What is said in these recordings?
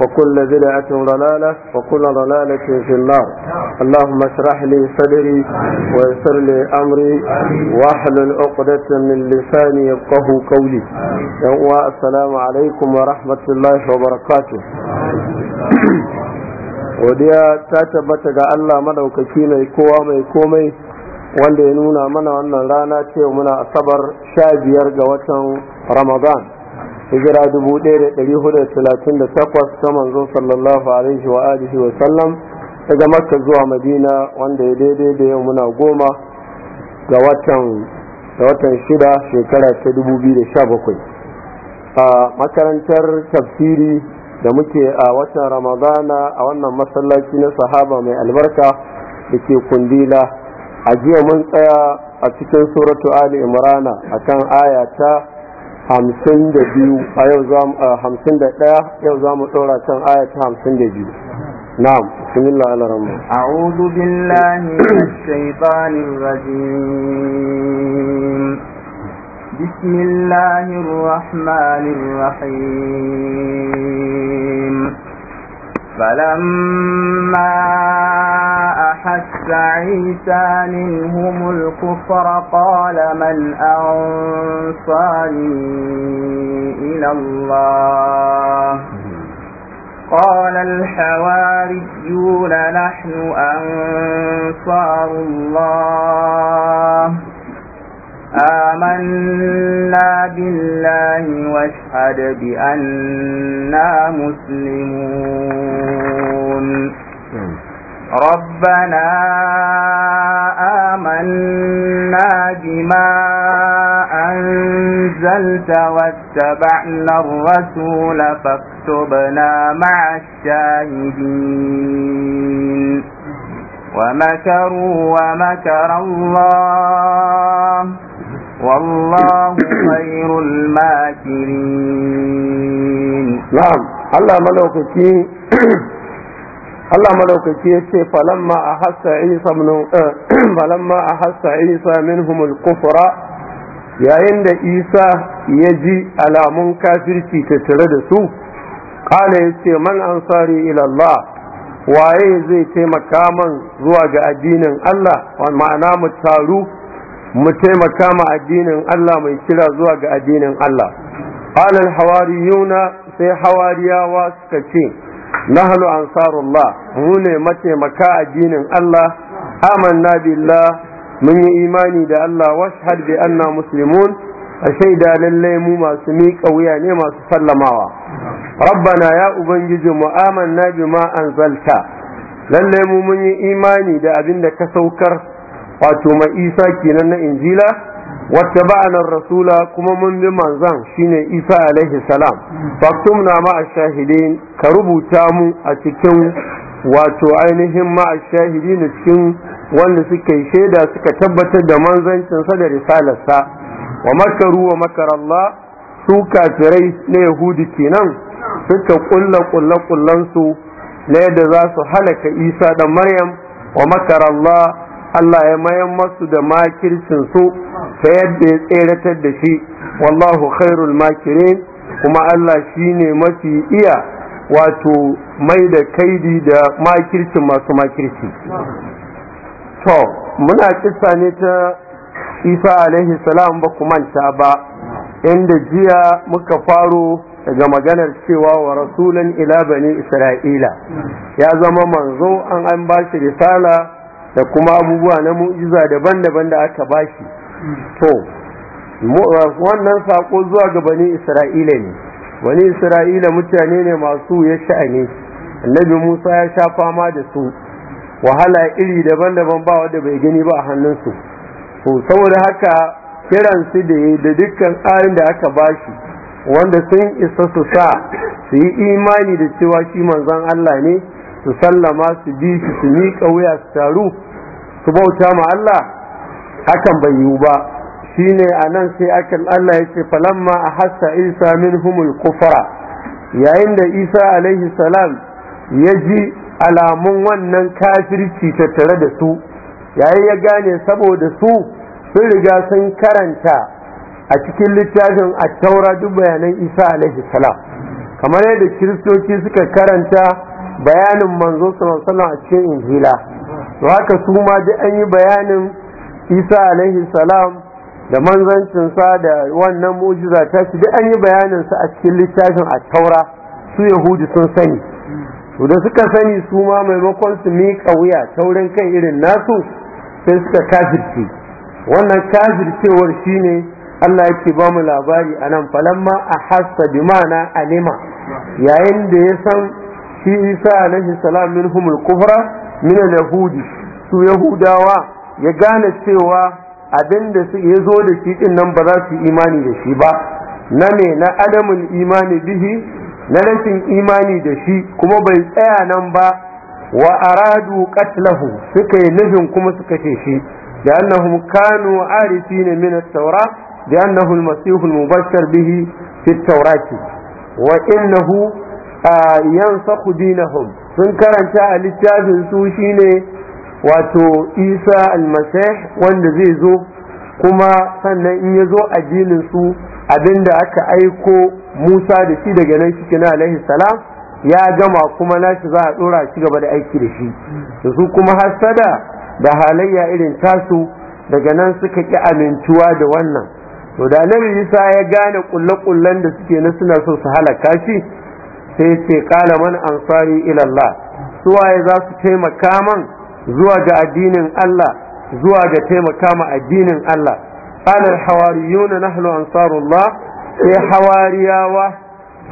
وكل بدعة ضلالة وكل ضلالة في النار اللهم اشرح لي صدري ويسر لي أمري واحلل عقدة من لساني يفقه قولي السلام عليكم ورحمة الله وبركاته ودي ta tabbata ga Allah madaukaki mai kowa wanda ya nuna mana wannan rana ce muna asabar sha biyar ga watan ramadan hijira dubu ɗaya da ɗari hudu da talatin da takwas ta manzo sallallahu alaihi wa alihi wa sallam daga makka zuwa madina wanda ya daidai da yau muna goma ga watan da watan shida shekara ta dubu biyu da sha bakwai a makarantar tafsiri da muke a watan ramadana a wannan masallaci na sahaba mai albarka da ke kundila a jiya mun tsaya a cikin suratu ali imrana akan aya ta hamsin da biyu a yau za mu hamsin da ɗaya yau za mu ɗora can aya ta hamsin da biyu na'am bismillah al-rahman a'udhu billahi minash shaitanir rajim bismillahir rahmanir rahim فلما أحس عيسى منهم الكفر قال من أنصاني إلى الله قال الحواريون نحن أنصار الله آمنا بالله واشهد بأننا مسلمون ربنا آمنا بما أنزلت واتبعنا الرسول فاكتبنا مع الشاهدين ومكروا ومكر الله والله خير الماكرين نعم الله ملوكتي Allah madaukaki a hassa Isa min eh, falamma a hassa Isa minhumul yayin da Isa ya ji alamun kafirci tattare da su kala yace ce man ansari ila Allah waye zai taimaka man zuwa ga addinin Allah ma'ana mu taru mu taimaka ma addinin Allah mai kira zuwa ga addinin Allah alal hawariyuna sai hawariyawa suka ce nahlu ansarullah mu ne mataimaka addinin Allah amanna billah mun yi imani da Allah washhad bi anna muslimun a shaida lallai mu masu miƙa wuya ne masu sallamawa rabbana ya ubangiji mu amanna an anzalta lalle mu mun yi imani da abin da ka saukar wato mai isa kenan na injila wata ba'anar rasula kuma mun bi manzan shine isa alaihi salam faktum na ma'a shahidin ka rubuta mu a cikin wato ainihin ma'a shahidin cikin wanda suka yi shaida suka tabbatar da manzancinsa da risalarsa wa makaru wa makar Allah su kafirai na yahudi kenan suka kulla kulla kullansu na yadda za su halaka isa da maryam wa makar Allah Allah ya mayan masu da makircin su ta yadda ya tseratar da shi wallahu khairul makirin kuma Allah shi ne mafi iya wato mai da kaidi da makircin masu makirci to muna kissa ne ta isa alaihi salam ba ku manta ba inda jiya muka faro daga maganar cewa wa rasulun ila bani isra'ila ya zama manzo an an ba shi risala da kuma abubuwa na mu'jiza daban-daban da aka bashi to wannan sako zuwa ga bani isra'ila ne bani isra'ila mutane ne masu ya sha'ani annabi musa ya sha fama da su wahala iri daban-daban ba wanda bai gani ba a hannunsu to saboda haka kiran su da da dukkan tsarin da aka bashi wanda sun isa su sa su yi imani da cewa shi manzon Allah ne su sallama su bi shi su miƙa wuya su taru su bauta ma Allah hakan bai yiwu ba shine a nan sai akan Allah ya ce falamma a hassa isa min humul kufara yayin da isa alaihi salam ya ji alamun wannan kafirci tattare da su yayin ya gane saboda su sun riga sun karanta a cikin littafin a taura duk bayanan isa alaihi salam kamar yadda kiristoci suka karanta bayanin manzo sallallahu a cikin injila to haka su ma da an yi bayanin isa alaihi salam da sa da wannan mu'jiza ta shi duk an yi bayanin sa a cikin littafin at-taura su yahudi sun sani to da suka sani su ma maimakon su miƙa wuya taurin kai irin nasu sai suka kafirce wannan kafircewar shine Allah yake ba mu labari anan falamma a hassa bi ma'ana alima yayin da ya san fi isa alaihi salam minhumul kufra min yahudi su yahudawa ya gane cewa abinda su ya zo da shi din nan ba za su imani da shi ba na me na adamul imani bihi na rashin imani da shi kuma bai tsaya nan ba wa aradu qatlahu suka yi nufin kuma suka ce shi da kano kanu arifina min taura da annahu al-masih al bihi fi at-taurati wa yan dinahum sun karanta a littafin su shine wato Isa al-Masih wanda zai zo kuma sannan in ya zo addinin su abinda aka aiko Musa da shi daga nan cikin alaihi salam ya gama kuma nashi za a dora shi gaba da aiki da shi da su kuma hasada da halayya irin tasu daga nan suka ki amintuwa da wannan to da Isa ya gane kulle-kullen da suke na suna so su halaka shi sai ce kala man ansari ila Allah waye za su taimaka man zuwa ga addinin Allah zuwa ga taimaka ma addinin Allah qala al-hawariyun nahnu ansarullah sai hawariyawa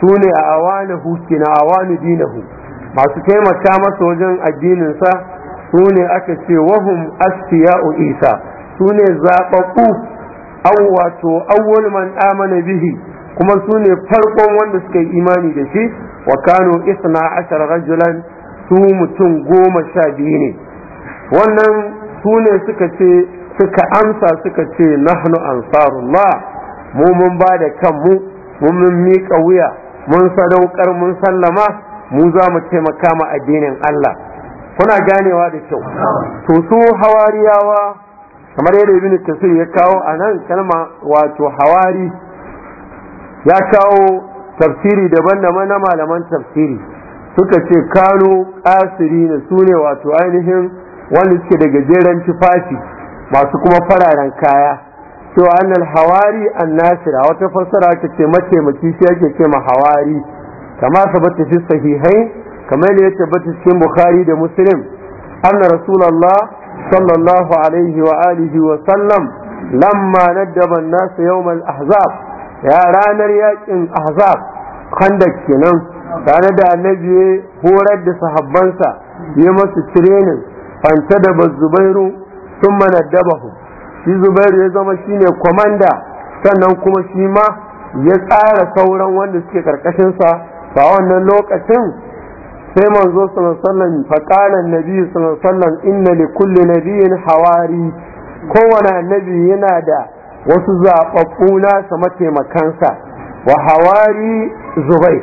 sune a awani na awani dinahu masu taimaka masa wajen addinin sa sune aka ce wahum astiya'u isa sune ne aw wato awwal man amana bihi kuma su ne farkon wanda suka yi imani da shi wa Kano isna ashar rajulan su mutum goma sha biyu ne wannan su ne suka ce suka amsa suka ce nahnu ansarullah mu mun ba da kanmu mun mun miƙa wuya mun sadaukar mun sallama mu za mu taimaka ma addinin Allah kuna ganewa da kyau to su hawariyawa kamar yadda ibn kasir ya kawo anan kalma wato hawari ya kawo tafsiri daban-daban na malaman tafsiri suka ce kano kasiri ne su wato ainihin wanda suke da gajeren tufafi masu kuma fararen kaya cewa annal hawari an nasira wata fassara ta ce mataimaki shi ake ce ma hawari kama sabata fi sahihai kamar ne ya tabbata cikin bukhari da muslim anna rasulullah sallallahu alaihi wa alihi wa sallam lamma naddaba an-nas yawm al-ahzab ya ranar yakin ahzab khandak kenan tare da annabi ya horar da sahabbansa ya masu training fanta da bazubairu sun manaddabahu shi zubairu ya zama shine kwamanda sannan kuma shi ma ya tsara sauran wanda suke karkashinsa ba wannan lokacin sai manzo sallallahu faƙalan nabi sallallahu inna li kulli nabiyyin hawari kowane annabi yana da wasu zaɓaɓɓu nasa mataimakansa wa hawari zubai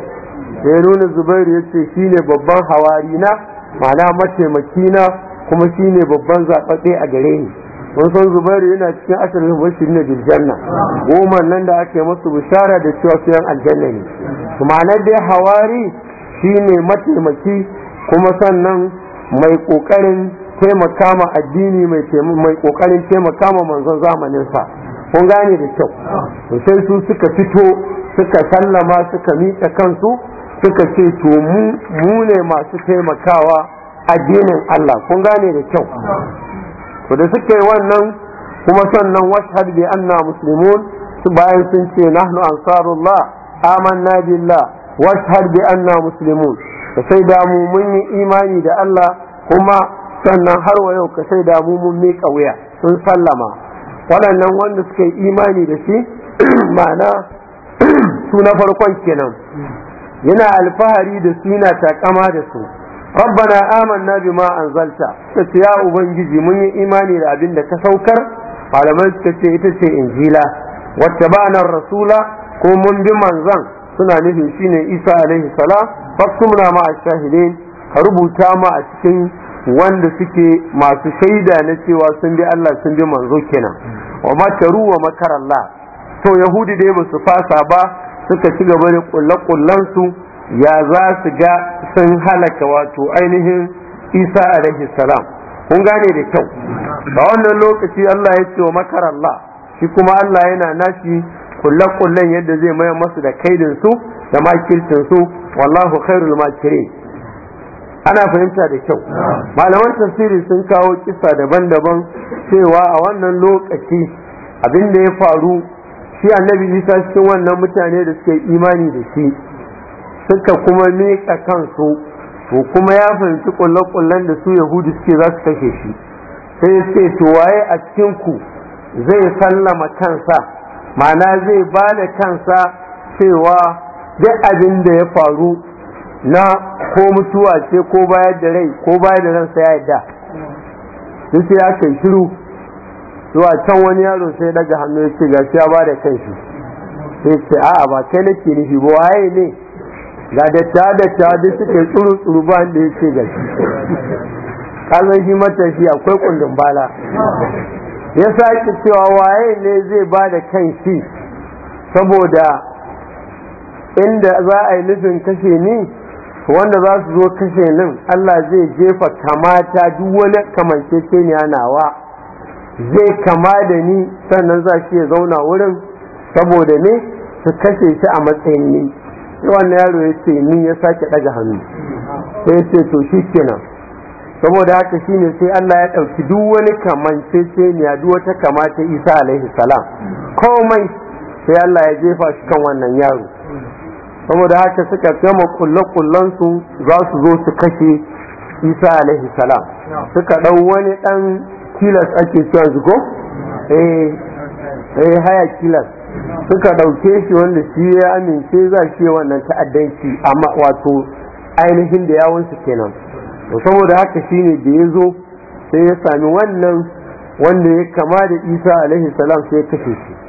ya nuna zubair ya ce shi ne babban hawari na ma'ana mataimaki na kuma shi ne babban zaɓaɓɓe a gare ni mun san zubairu yana cikin asirin ne da biljanna goma nan da ake masu bishara da cewa su yan aljanna ne Ma'ana dai hawari shi ne mataimaki kuma sannan mai ƙoƙarin taimaka ma addini mai ƙoƙarin taimaka ma manzon zamaninsa kun gane da kyau to sai su suka fito suka sallama suka miƙa kansu suka ce to mu ne masu taimakawa addinin Allah kun gane da kyau to da suka yi wannan kuma sannan washhad bi anna muslimun su bayan sun ce nahnu ansarullah amanna billah washhad bi anna muslimun ka sai da mu mun yi imani da Allah kuma sannan har wa yau ka sai da mu mun miƙa wuya sun sallama waɗannan wanda suka yi imani da shi ma'ana su na farkon kenan yana alfahari da su yana takama da su rabbana bi ma'an anzalta ta ce ya ubangiji mun yi imani da abin da ka saukar malamai suka ce ita ce injila wacce ba'anar rasula ko mun bi manzan suna nufin shine isa alaihi salam fasumna ma shahidin ka rubuta ma a cikin wanda suke masu shaida na cewa sun bi Allah sun bi manzo kenan wa makaru wa makar Allah to yahudi dai ba su fasa ba suka ci gaba da kullakullan su ya za su ga sun halaka wato ainihin Isa alaihi salam kun gane da kyau a wannan lokaci Allah ya ce wa makar Allah shi kuma Allah yana nashi kullakullan yadda zai maya masu da kaidin su da makircin su wallahu khairul makirin ana fahimta da kyau malaman tafsiri sun kawo kisa daban-daban cewa a wannan lokaci abin da ya faru shi annabi isa cikin wannan mutane da suka yi imani da shi suka kuma miƙa kansu to kuma ya fahimci kullen-kullen da su yahudu suke za su kashe shi sai ce to waye a cikin ku zai sallama kansa ma'ana zai ba kansa cewa duk abin da ya faru na ko mutuwa ce ko bayar da rai ko bayar da sai ya yadda duk sai aka yi shiru zuwa can wani yaro sai daga hannu ya ce gashi ya ba da kai shi sai ce a'a ba kai nake nufi ba waye ne ga datta da duk suke tsuru tsuru ba da ya ce gashi kazan shi matashi akwai kundin bala ya sake cewa waye ne zai ba da kan shi saboda inda za a yi nufin kashe ni wanda za su zo kashe nan Allah zai jefa kamata duk wani kamanceceniya nawa zai kama da ni sannan za shi ya zauna wurin saboda ne su kashe shi a matsayin ni wannan yaro ya ce ni ya sake ɗaga hannu sai ya ce to shi kenan saboda haka shi ne sai Allah ya ɗauki duk wani kamanceceniya duk wata kama ta Isa alaihi salam komai sai Allah ya jefa shi kan wannan yaro saboda haka suka gama kulle-kullen su za su zo su kashe isa alaihi salam suka ɗau wani ɗan kilas ake cewa ko, eh eh haya kilas suka ɗauke shi wanda shi ya amince za shi wannan ta'addanci amma wato ainihin da yawansu kenan saboda haka shine da ya zo sai ya sami wannan wanda ya kama da isa alaihi salam sai ya kashe shi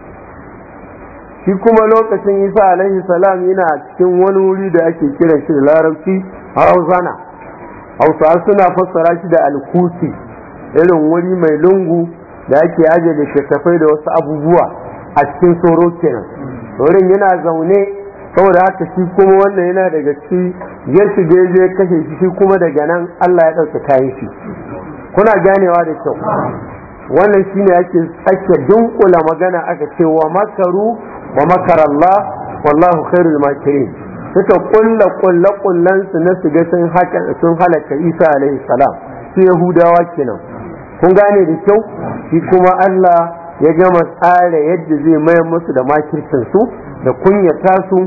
shi kuma lokacin isa alaihi salam yana cikin wani wuri da ake kira shi da larabci hausana hausa suna fassara shi da alkuti irin wuri mai lungu da ake aje da shakafai da wasu abubuwa a cikin tsoro kenan wurin yana zaune saboda haka shi kuma wannan yana daga ci ya shige je kashe shi shi kuma daga nan Allah ya ɗauka kayan shi kuna ganewa da kyau wannan shine ake tsakiyar dunkula magana aka ce wa makaru wa makara Allah wallahu khairul makirin suka kulla kulla kullan su na su ga sun haka sun halaka Isa alaihi salam su Yahudawa kenan kun gane da kyau shi kuma Allah ya gama tsara yadda zai mayar musu da makircin su da kunyata su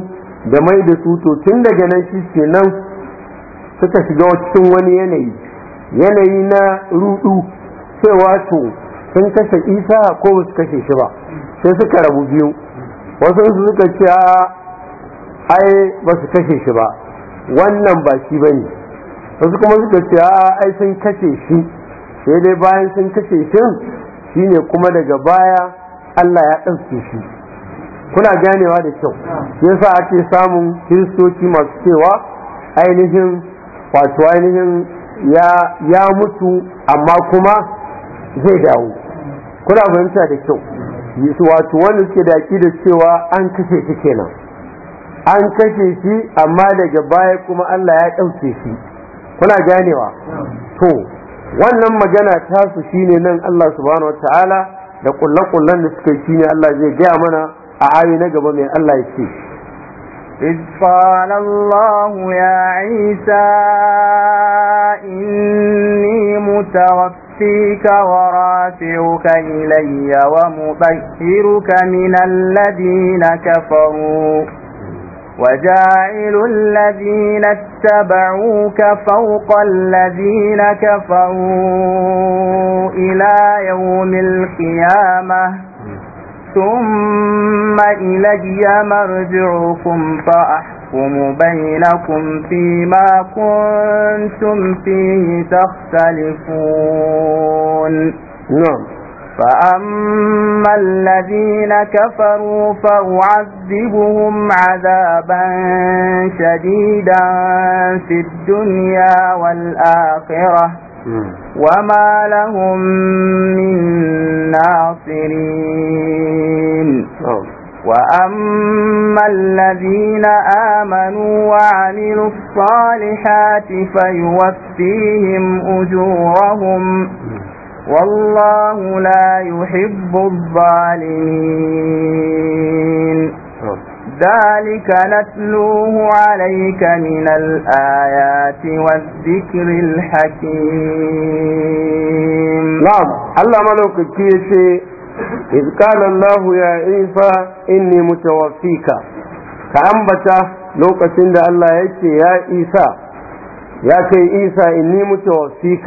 da mai da su to tun daga nan shi kenan suka shiga cikin wani yanayi yanayi na rudu sai wato sun kashe Isa ko basu su kashe shi ba sai suka rabu biyu wasu su suka ce ai ba su kashe shi ba wannan ba shi ba ne wasu kuma suka ce ai sun kashe shi sai dai bayan sun kashe shi ne kuma daga baya Allah ya ɗauke shi kuna ganewa da kyau yasa ake samun kiristoci masu cewa ainihin wato ainihin ya mutu amma kuma zai dawo kuna fahimta da kyau wato wani suke da da cewa an kashe shi kenan an kashe shi amma daga baya kuma Allah ya ɗauke shi kuna ganewa to wannan magana tasu shine nan Allah subhanahu wataala da kullen da suka yi ne Allah zai gaya mana a ayi na gaba mai Allah ya ce إذ قال الله يا عيسى إني متوفيك ورافعك إلي ومبهرك من الذين كفروا وجاعل الذين اتبعوك فوق الذين كفروا إلى يوم القيامة ثم إلي مرجعكم فأحكم بينكم فيما كنتم فيه تختلفون نعم فأما الذين كفروا فأعذبهم عذابا شديدا في الدنيا والآخرة وما لهم من ناصرين وأما الذين آمنوا وعملوا الصالحات فيوفيهم أجورهم والله لا يحب الظالمين ذلك نتلوه عليك من الآيات والذكر الحكيم نعم الله ملوك كيشي إذ قال الله يا عيسى إني متوفيك فأنبت لوك سند الله يتي يا عيسى يا كي عيسى إني متوفيك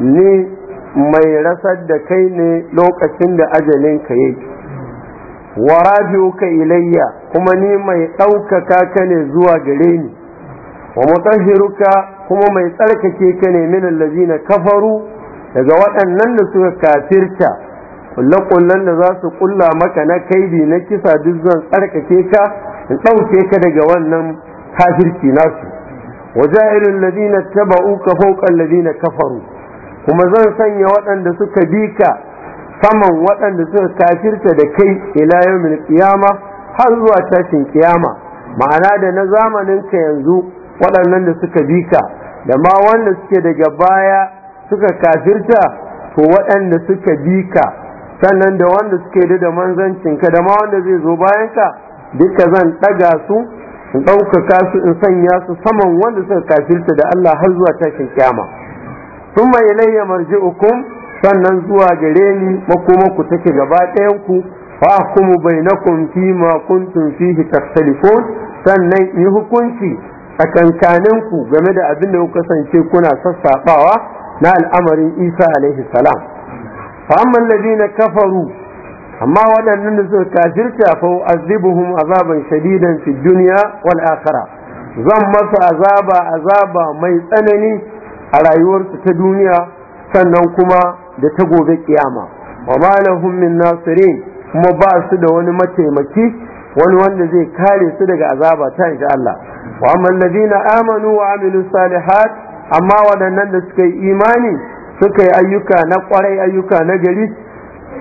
ني mai rasar da kai ne lokacin da wa rafi'uka ilayya kuma ni mai ɗaukaka ka ne zuwa gare ni wa mutahhiruka kuma mai tsarkake ka ne min allazina kafaru daga waɗannan da suka kafirta kullu kullun da za su kulla maka na kaidi na kisa duk zan tsarkake ka in ɗauke ka daga wannan kafirci nasu waja'ilul ladina taba'uka fawqa allazina kafaru kuma zan sanya waɗanda suka bi ka saman waɗanda suka kafirta da kai ila yawmin qiyama har zuwa tashin kiyama ma'ana da na zamanin ka yanzu waɗannan da suka bi ka da ma wanda suke daga baya suka kafirta to waɗanda suka bi ka sannan da wanda suke da da manzancin ka da ma wanda zai zo bayan ka duka zan ɗaga su in ɗaukaka su in sanya su saman wanda suka kafirta da Allah har zuwa tashin kiyama ثم إلي مرجعكم sannan zuwa gare ni ku take gaba ɗayanku fa bai bainakum fi ma kuntum fihi takhtalifun sannan yi hukunci ku game da abin da ku kasance kuna sassaɓawa na al'amarin Isa alaihi salam fa amma kafaru amma waɗannan da suka kafirta fa azibuhum azaban shadidan fi dunya wal akhirah zan masa azaba azaba mai tsanani a rayuwarsu ta duniya sannan kuma da ta gobe kiyama wa ma lahum min nasirin kuma ba su da wani mataimaki wani wanda zai kare su daga azaba ta insha Allah wa amma alladhina amanu wa amilu salihat amma waɗannan da suka yi imani suka yi ayyuka na kwarai ayyuka na gari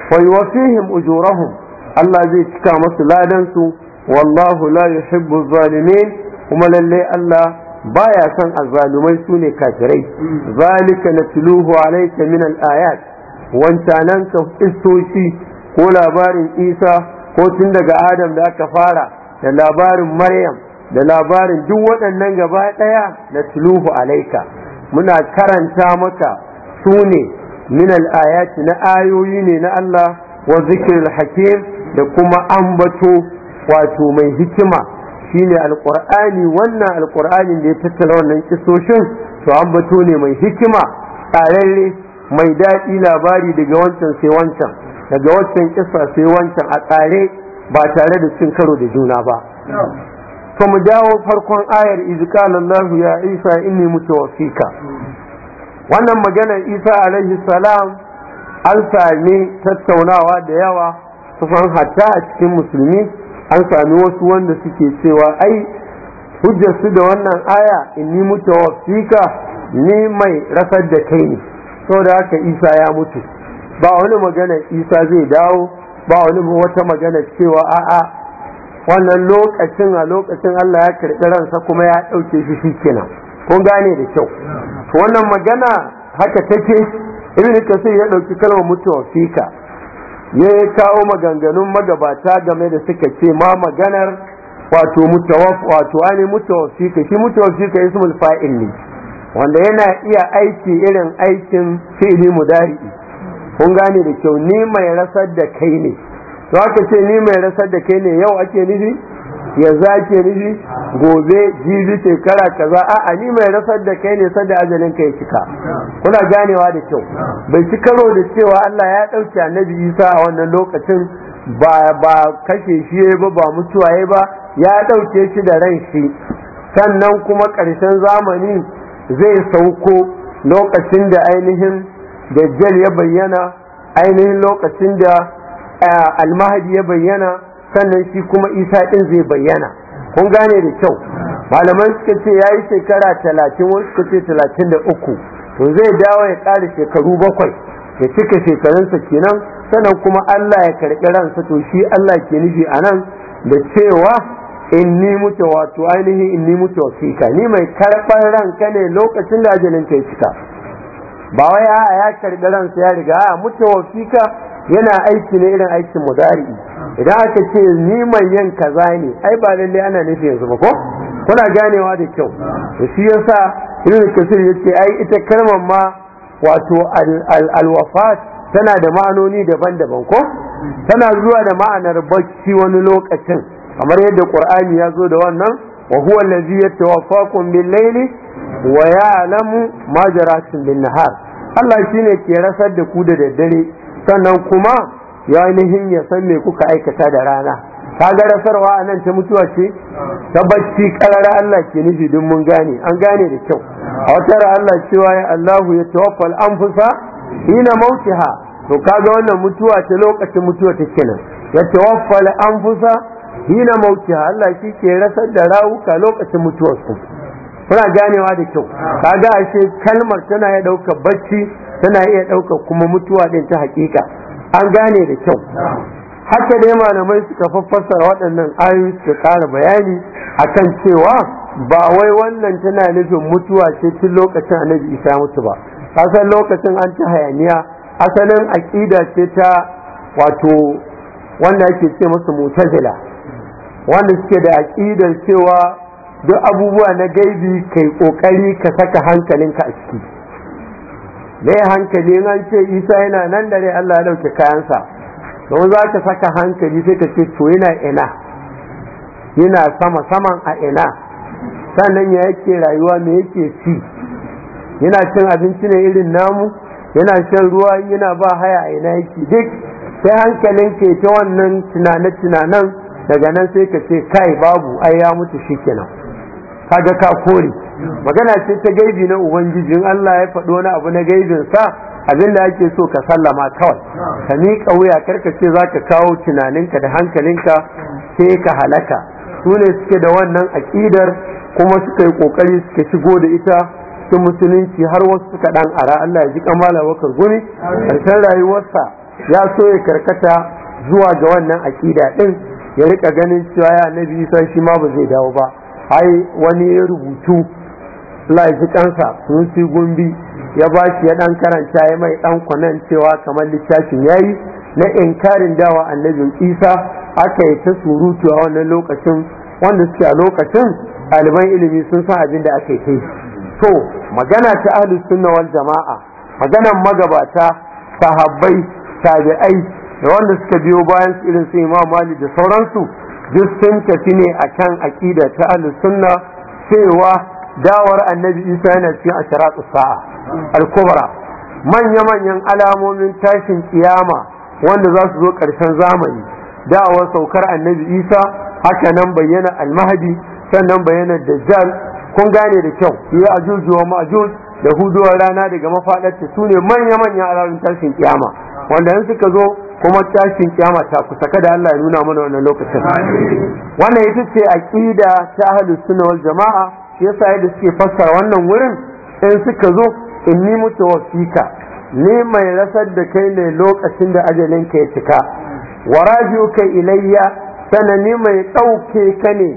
fa yuwafihim ujurahum Allah zai cika masu ladan su wallahu la yuhibbu zalimin kuma lalle Allah baya son azzalumai sune kafirai zalika natluhu alayka min al'ayat ayat wancanan ka istoshi ko labarin Isa ko tun daga Adam da aka fara da labarin Maryam da labarin duk waɗannan gaba ɗaya natluhu alaika. muna karanta maka su ne min al'ayat na ayoyi ne na Allah wa zikril hakim da kuma ambato wato mai hikima shine alqur'ani wannan alqur'anin da ya tattara wannan kisoshin to an bato ne mai hikima tsararre mai daɗi labari daga wancan sai wancan daga wancan kisa sai wancan a tsare ba tare da cin karo da juna ba to mu dawo farkon ayar izkalallahu ya isa inni mutawaffika wannan maganar isa alaihi salam an sami tattaunawa da yawa kusan hatta a cikin musulmi an sami wasu wanda suke cewa ai hujjar da wannan aya in ni mutu fika ni mai rasar da kai ne saboda haka isa ya mutu ba wani magana isa zai dawo ba wani wata magana cewa a'a wannan lokacin a lokacin Allah ya karɓi ransa kuma ya ɗauke shi shi kenan kun gane da kyau wannan magana haka take ibn kasir ya ɗauki kalmar mutuwa fika ya kawo maganganun magabata game da suka ce ma maganar wato mutawaf wato shi mutawaffika shi mutawaffika ismul ne wanda yana iya aiki irin aikin fi'li mudari'i kun gane da kyau ni mai rasar da kai ne to aka ce ni mai rasar da kai ne yau ake nufi yanzu ake nufi gobe jibi shekara kaza a ni mai rasar da kai ne sanda ajalin ka ya cika kuna ganewa da kyau bai ci karo da cewa Allah ya ɗauki annabi Isa a wannan lokacin ba ba kashe shi ba ba mutuwaye ba ya ɗauke shi da ran shi sannan kuma ƙarshen zamani zai sauko lokacin da ainihin dajjal ya bayyana ainihin lokacin da eh, almahadi ya bayyana sannan shi kuma isa ɗin zai bayyana kun gane da kyau malaman suka ce ya yi shekara talatin wasu suka ce talatin da uku to zai dawo ya ƙara shekaru bakwai ya cika shekarunsa kenan sannan kuma Allah ya karɓi ransa to shi Allah ke nufi a nan da cewa in ni mutu wato ainihin in ni mutu wasika ni mai karɓar ranka ne lokacin da ajalin yi cika ba wai a ya karɓi ransa ya riga a mutu wasika yana aiki ne irin aikin mudari idan aka ce ni mai yin kaza ne ai ba lalle ana nufi yanzu ba ko kuna ganewa da kyau to shi yasa irin kasir yace ai ita kalmar ma wato alwafat tana da ma'anoni daban-daban ko tana zuwa da ma'anar bacci wani lokacin kamar yadda qur'ani ya zo da wannan wa huwa allazi yatawaffakum bil layli wa ya'lamu ma jaratum bin nahar Allah shine ke rasar da ku da daddare sannan kuma ya ainihin ya san me kuka aikata da rana ka ga rasarwa a nan ta mutuwa ce ta bacci karara Allah ke nufi duk mun gane an gane da kyau a wata Allah cewa ya Allahu ya tawaffal anfusa hina mautiha to kaga wannan mutuwa ta lokacin mutuwa ta kenan ya tawaffal anfusa hina mautiha Allah shi ke rasar da rawuka lokacin mutuwarsu kuna ganewa da kyau kaga ashe kalmar tana ya ɗaukar bacci tana iya ɗaukar kuma mutuwa ɗin ta hakika an gane da kyau haka dai malamai suka fassara waɗannan ayoyi suka ƙara bayani akan cewa ba wai wannan tana nufin mutuwa ce tun lokacin annabi isa mutu ba asan lokacin an ta hayaniya asalin aƙida ce ta wato wanda ake ce masa mutazila wanda suke da aƙidar cewa duk abubuwa na gaibi kai ƙoƙari ka saka hankalinka a ciki mai hankali in an ce isa yana nan da rai allah ya dauke kayansa don za ka saka hankali sai ka ce to yana ina yana sama saman a ina sannan ya yake rayuwa me yake ci yana cin abinci ne irin namu yana shan ruwa yana ba haya a ina yake duk sai hankalin ke ta wannan tunane-tunanen daga nan sai ka ce kai babu ai ya mutu shikenan kaga ka kore magana ce ta gaibi na ubangiji in Allah ya faɗo wani abu na gaibin sa abin da ake so ka sallama kawai ka miƙa wuya karka ce za ka kawo tunaninka da hankalinka sai ka halaka Sune suke da wannan aƙidar kuma suka yi ƙoƙari suka shigo da ita cikin musulunci har wasu suka ɗan ara Allah ya ji kamala wakar gumi ƙarshen rayuwarsa ya so ya karkata zuwa ga wannan aƙida ɗin ya rika ganin cewa ya annabi isa shi ma ba zai dawo ba ai wani ya rubutu Allah kansa sun si gumbi ya ba shi ya dan karanta ya mai dan kwanan cewa kamar littafin yayi na inkarin dawa annabin Isa aka yi ta surutu a wannan lokacin wanda suke a lokacin ɗaliban ilimi sun san abin da aka yi to magana ta ahlus sunna wal jama'a maganan magabata sahabbai tabi'ai da wanda suka biyo bayan irin su imam malik da sauransu duk sun tafi ne akan aqida ta ahlus sunna cewa dawar annabi isa yana cikin asharat sa'a al manya-manyan alamomin tashin kiyama wanda za su zo ƙarshen zamani dawar saukar annabi isa haka nan bayyana almahadi sannan bayyana dajjal kun gane da kyau yi ajuju wa ma'ajuj da huduwar rana daga mafaɗarta su ne manya-manyan alamomin tashin kiyama wanda in suka zo kuma tashin kiyama ta kusa kada Allah ya nuna mana wannan lokacin wannan ita ce aqida ta ahlus sunna wal jamaa shi yasa yadda suke fassara wannan wurin in suka zo in inni mutawaffika ni mai rasar da kai ne lokacin da ajalin ka ya cika wa rajiuka ilayya ni mai dauke ka ne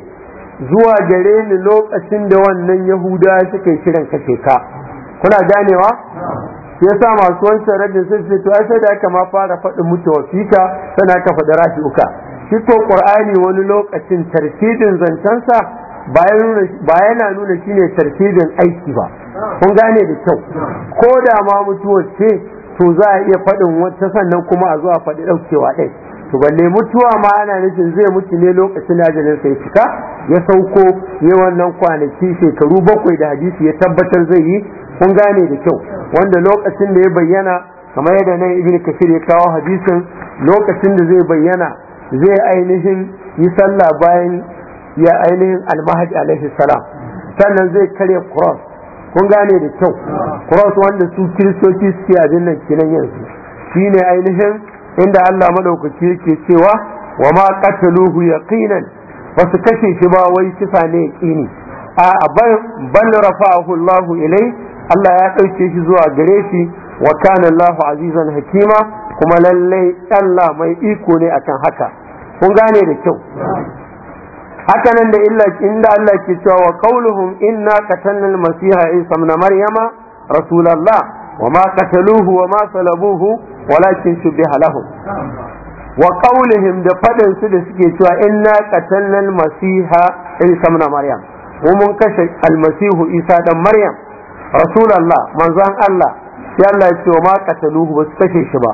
zuwa gare ni lokacin da wannan yahuda suka kiran shirin kashe ka kuna ganewa shi yasa masu wancan rajin sun ce to ai da aka ma fara faɗin mutu wasiƙa sana aka faɗi rashi uka shi to qur'ani wani lokacin tarkidin zancensa ba yana nuna shine tarkidin aiki ba kun gane da kyau ko da ma mutuwa ce to za a iya faɗin wata sannan kuma a zuwa faɗi ɗaukewa ɗai to balle mutuwa ma ana nufin zai mutu ne lokacin ajalin sai cika ya sauko ya wannan kwanaki shekaru bakwai da hadisi ya tabbatar zai yi kun gane da kyau wanda lokacin da ya bayyana kamar yadda nan ibn kafir ya kawo hadisin lokacin da zai bayyana zai ainihin yi sallah bayan ya ainihin almahaji alaihi salam sannan zai karya cross kun gane da kyau cross wanda su kiristoci suke abin nan kinan yanzu shine ainihin inda Allah madaukaki yake cewa wa ma qataluhu yaqinan basu kashe shi ba wai kisa ne yaqini a bal rafa'ahu Allahu ilai Allah ya ɗauke shi zuwa gare shi wa kana Allahu azizan hakima kuma lallai Allah mai iko ne akan haka kun gane da kyau haka nan da illa inda Allah ke cewa wa qauluhum inna qatalna masiha isa ibn maryama rasulullah wa ma qataluhu wa ma salabuhu walakin shubiha lahum wa da fadin su da suke cewa inna qatalna masiha isa ibn maryam mun kashe almasihu isa dan maryam rasulullah manzon Allah sai Allah ya ce wa ma qataluhu ba su kashe shi ba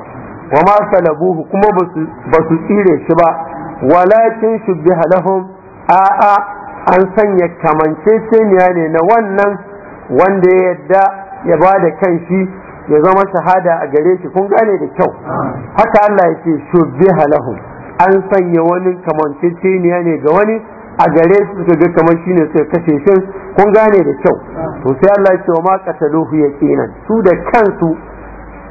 wa ma salabuhu kuma ba su tsire shi ba walakin shubbiha lahum a'a an sanya kamanceceniya ne na wannan wanda ya yadda ya ba da kanshi ya zama shahada a gare shi kun gane da kyau haka Allah ya ce shubbiha lahum an sanya wani kamanceceniya ne ga wani a gare su suka ga kamar shine suka kashe shi kun gane da kyau to sai Allah ya ce wa ma qataluhu yaqinan su da kansu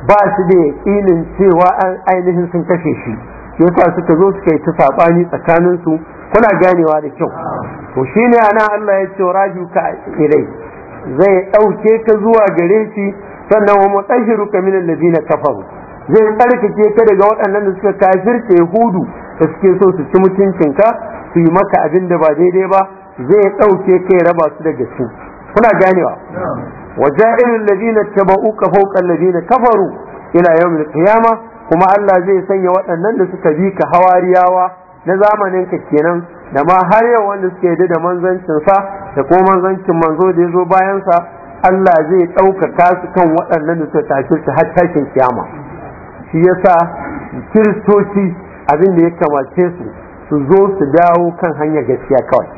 ba su da yaqinin cewa an ainihin sun kashe shi yasa suka zo suka yi ta sabani tsakanin su kuna ganewa da kyau to shine ana Allah ya ce raju ka ilai zai dauke ka zuwa gare shi sannan wa mutahiru ka min na kafaru zai tsarkake ka daga waɗannan da suka kafirce hudu da suke so su ci mutuncinka su yi maka abin da ba daidai ba zai ɗauke kai raba su daga su kuna ganewa wajailul ladina ka faukan alladina kafaru ila yawmil qiyama kuma Allah zai sanya waɗannan da suka bi ka hawariyawa na zamanin ka kenan da ma har yau wanda suka da da manzancin sa da ko manzancin manzo da yazo bayan sa Allah zai ɗaukaka su kan waɗannan da suka tashi su har tashin kiyama shi yasa kiristoci abin da ya kamace su su zo su dawo kan hanyar gaskiya kawai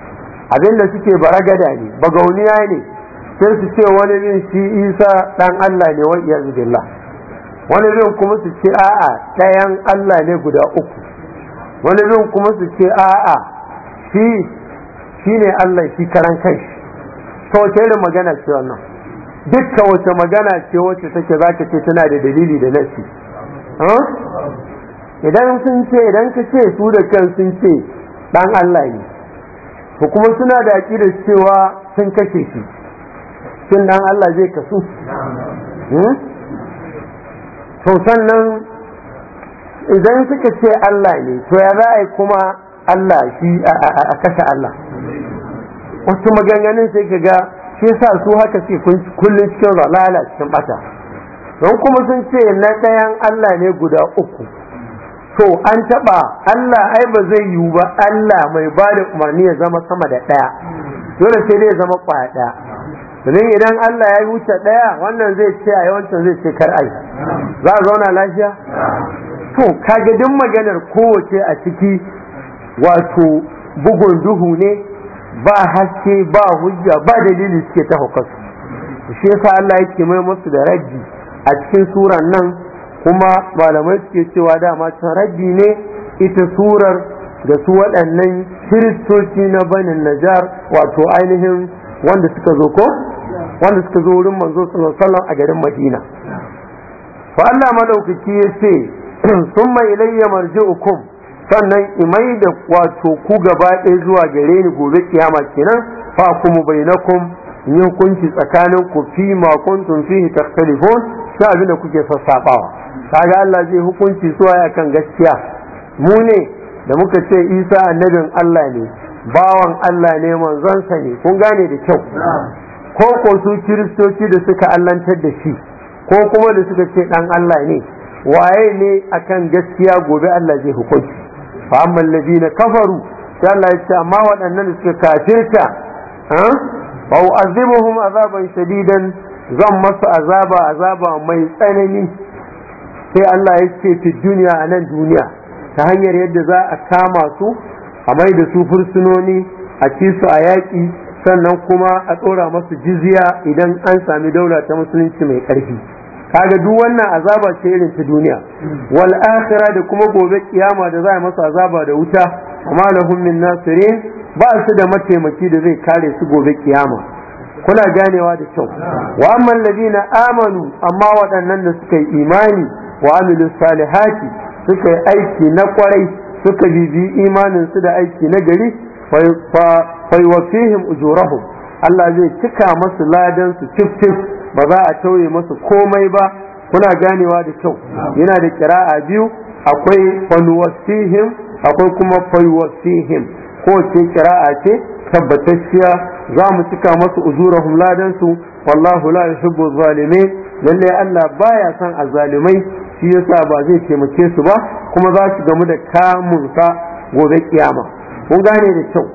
abinda suke baragada ne bagauniya ne sai su ce wani bin shi isa dan allah ne wani iya billah wani bin kuma su ce a'a ɗayan allah ne guda uku wani bin kuma su ce a'a shi shi ne allah shi karan kai ta wace irin magana ce wannan dukkan wace magana ce wacce take zaka ce tana da dalili da nasi idan sun ce idan ka ce su da kan sun ce dan Allah ne ko kuma suna da da cewa sun kashe shi sun dan Allah zai kasu hmm? to sannan idan suka ce Allah ne to ya za a yi kuma Allah shi a kashe Allah wasu maganganun sai ka ga shi sa su haka ce kullum cikin ralala cikin bata don kuma sun ce na ɗayan Allah ne guda uku to an taɓa Allah ai ba zai yiwu ba Allah mai ba da umarni ya zama sama da ɗaya dole sai dai ya zama kwaya ɗaya domin idan Allah ya wuce ɗaya wannan zai ce a yawancin zai ce kar ai za a zauna lafiya to kaga duk maganar kowace a ciki wato bugun duhu ne ba haske ba hujja ba dalili suke ta hukarsu shi yasa Allah yake mai musu da rajji a cikin suran nan kuma malamai suke cewa da can rabbi ne ita surar da su waɗannan kiristoci na banin najar wato ainihin wanda suka zo ko wanda suka zo wurin manzo sallallahu a garin madina fa Allah madaukaki ya ce summa ilayya marji'ukum sannan imai da wato ku gaba ɗaya zuwa gare ni gobe kiyama kenan fa kuma bainakum yin kunci tsakanin ku fi ma kuntum fihi takhtalifun sai abin da kuke sassabawa kaga Allah zai hukunci su a kan gaskiya mu ne da muka ce Isa annabin Allah ne bawan Allah ne manzonsa ne kun gane da kyau ko ko su kiristoci da suka allantar da shi ko kuma da suka ce dan Allah ne waye ne akan gaskiya gobe Allah zai hukunci fa amma ladina kafaru sai Allah ya ce amma waɗannan suka kafirta ha ah, fa u'azibuhum azaban shadidan zan masu azaba azaba mai tsanani sai Allah ya ce fi duniya a nan duniya ta hanyar yadda za a kama su a mai da su fursunoni a ci su a yaƙi sannan kuma a tsora masu jiziya idan an sami daula ta musulunci mai ƙarfi kaga duk wannan azaba ce irin ta duniya wal akhirah da kuma gobe kiyama da za a masa azaba da wuta amma lahum min nasirin ba su da mataimaki da zai kare su gobe kiyama kuna ganewa da kyau wa amman ladina amanu amma waɗannan da suka yi imani wa amilu salihati suka yi aiki na kwarai suka bibi imanin su da aiki na gari fa ujurahum Allah zai cika masu ladan su cif ba za a tauye masu komai ba kuna ganewa da kyau yana da kira'a biyu akwai fanuwasihim akwai kuma fayuwasihim ko ce kira'a ce tabbatacciya za mu cika masu ujurahum ladan su wallahu la yuhibbu zalimin lalle Allah baya son azalimai shi yasa ba zai taimake su ba kuma za su gamu da kamun sa gobe kiyama kun gane da kyau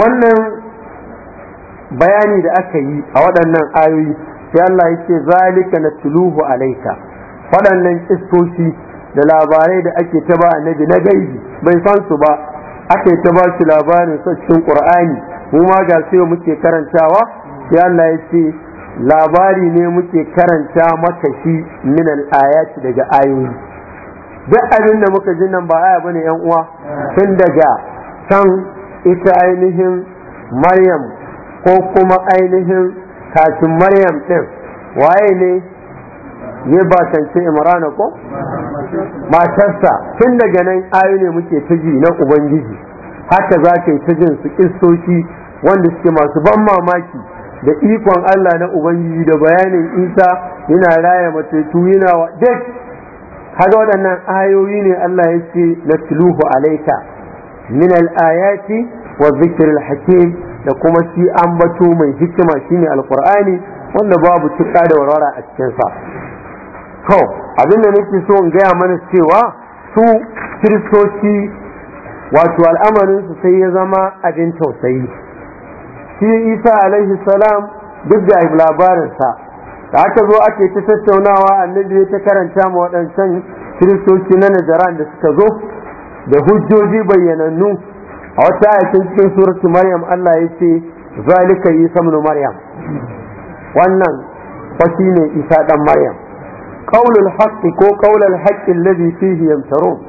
wannan bayani da aka yi a waɗannan ayoyi sai Allah ya ce zalika na tuluhu alaika waɗannan kistoshi da labarai da ake ta ba annabi na gaibi bai san su ba aka yi ta ba shi labarin sassin qur'ani mu ma ga sai muke karantawa sai Allah ya ce labari ne muke karanta maka shi min al daga ayoyi duk abin da muka ji nan ba aya bane yan uwa tun daga kan ita ainihin maryam ko kuma ainihin kafin maryam din waye ne ya basance imrana ko matarsa tun daga nan ayoyi ne muke ta na ubangiji haka za ka yi ta jin su kistoci wanda suke masu ban mamaki da ikon Allah na ubangiji da bayanin isa yana raya matattu yana wa duk kaga waɗannan ayoyi ne Allah ya ce na tuluhu alaika min al'ayati wa zikir al hakim da kuma shi ambato mai hikima shine alqur'ani wanda babu cika da warwara a cikinsa. sa to abin da nake so in gaya mana cewa su kiristoci wato al'amarin su sai ya zama abin tausayi shi isa alaihi salam duk da labarinsa da aka zo ake ta tattaunawa annabi ya ta karanta ma waɗancan kiristoci na najaran da suka zo da hujjoji bayyanannu a wata aikin cikin suratu maryam allah ya ce zalika isa ibn maryam wannan fashi ne isa dan maryam qaulul haqqi ko qaulul haqqi alladhi fihi yamtarun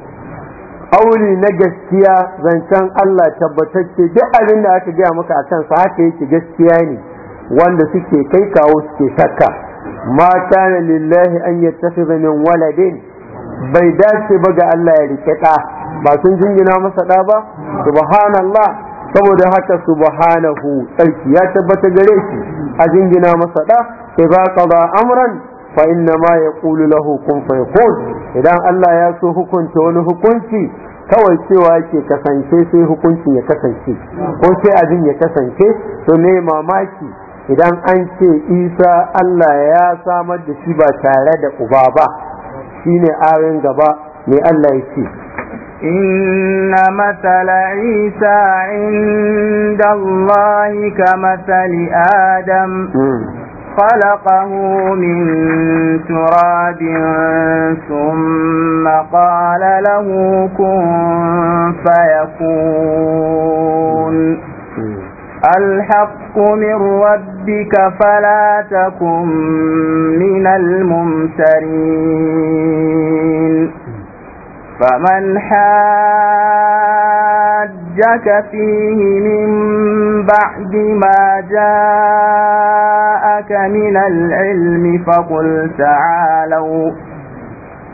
auri na gaskiya zancen Allah tabbatacce duk abin da aka gaya maka a sa haka yake gaskiya ne wanda suke kai kawo suke shakka Mata na lillahi an yattakhidha min waladin bai dace ba ga Allah ya rike ɗa ba sun jingina masa ɗa ba subhanallah saboda haka subhanahu tsarki ya tabbata gare shi a jingina masa ɗa sai ba amran fa inna ma ya lahu kun fayakun idan Allah ya so hukunta wani hukunci kawai cewa yake kasance sai hukuncin ya kasance ko sai abin ya kasance to ne mamaki idan an ce Isa Allah ya samar da shi ba tare da uba ba shine aren gaba mai Allah ya ce إن isa inda عند ka كمثل adam hmm. خلقه من تراب ثم قال له كن فيكون الحق من ربك فلا تكن من الممترين فمن حاجك فيه من بعد ما جاءك من العلم فقل تعالوا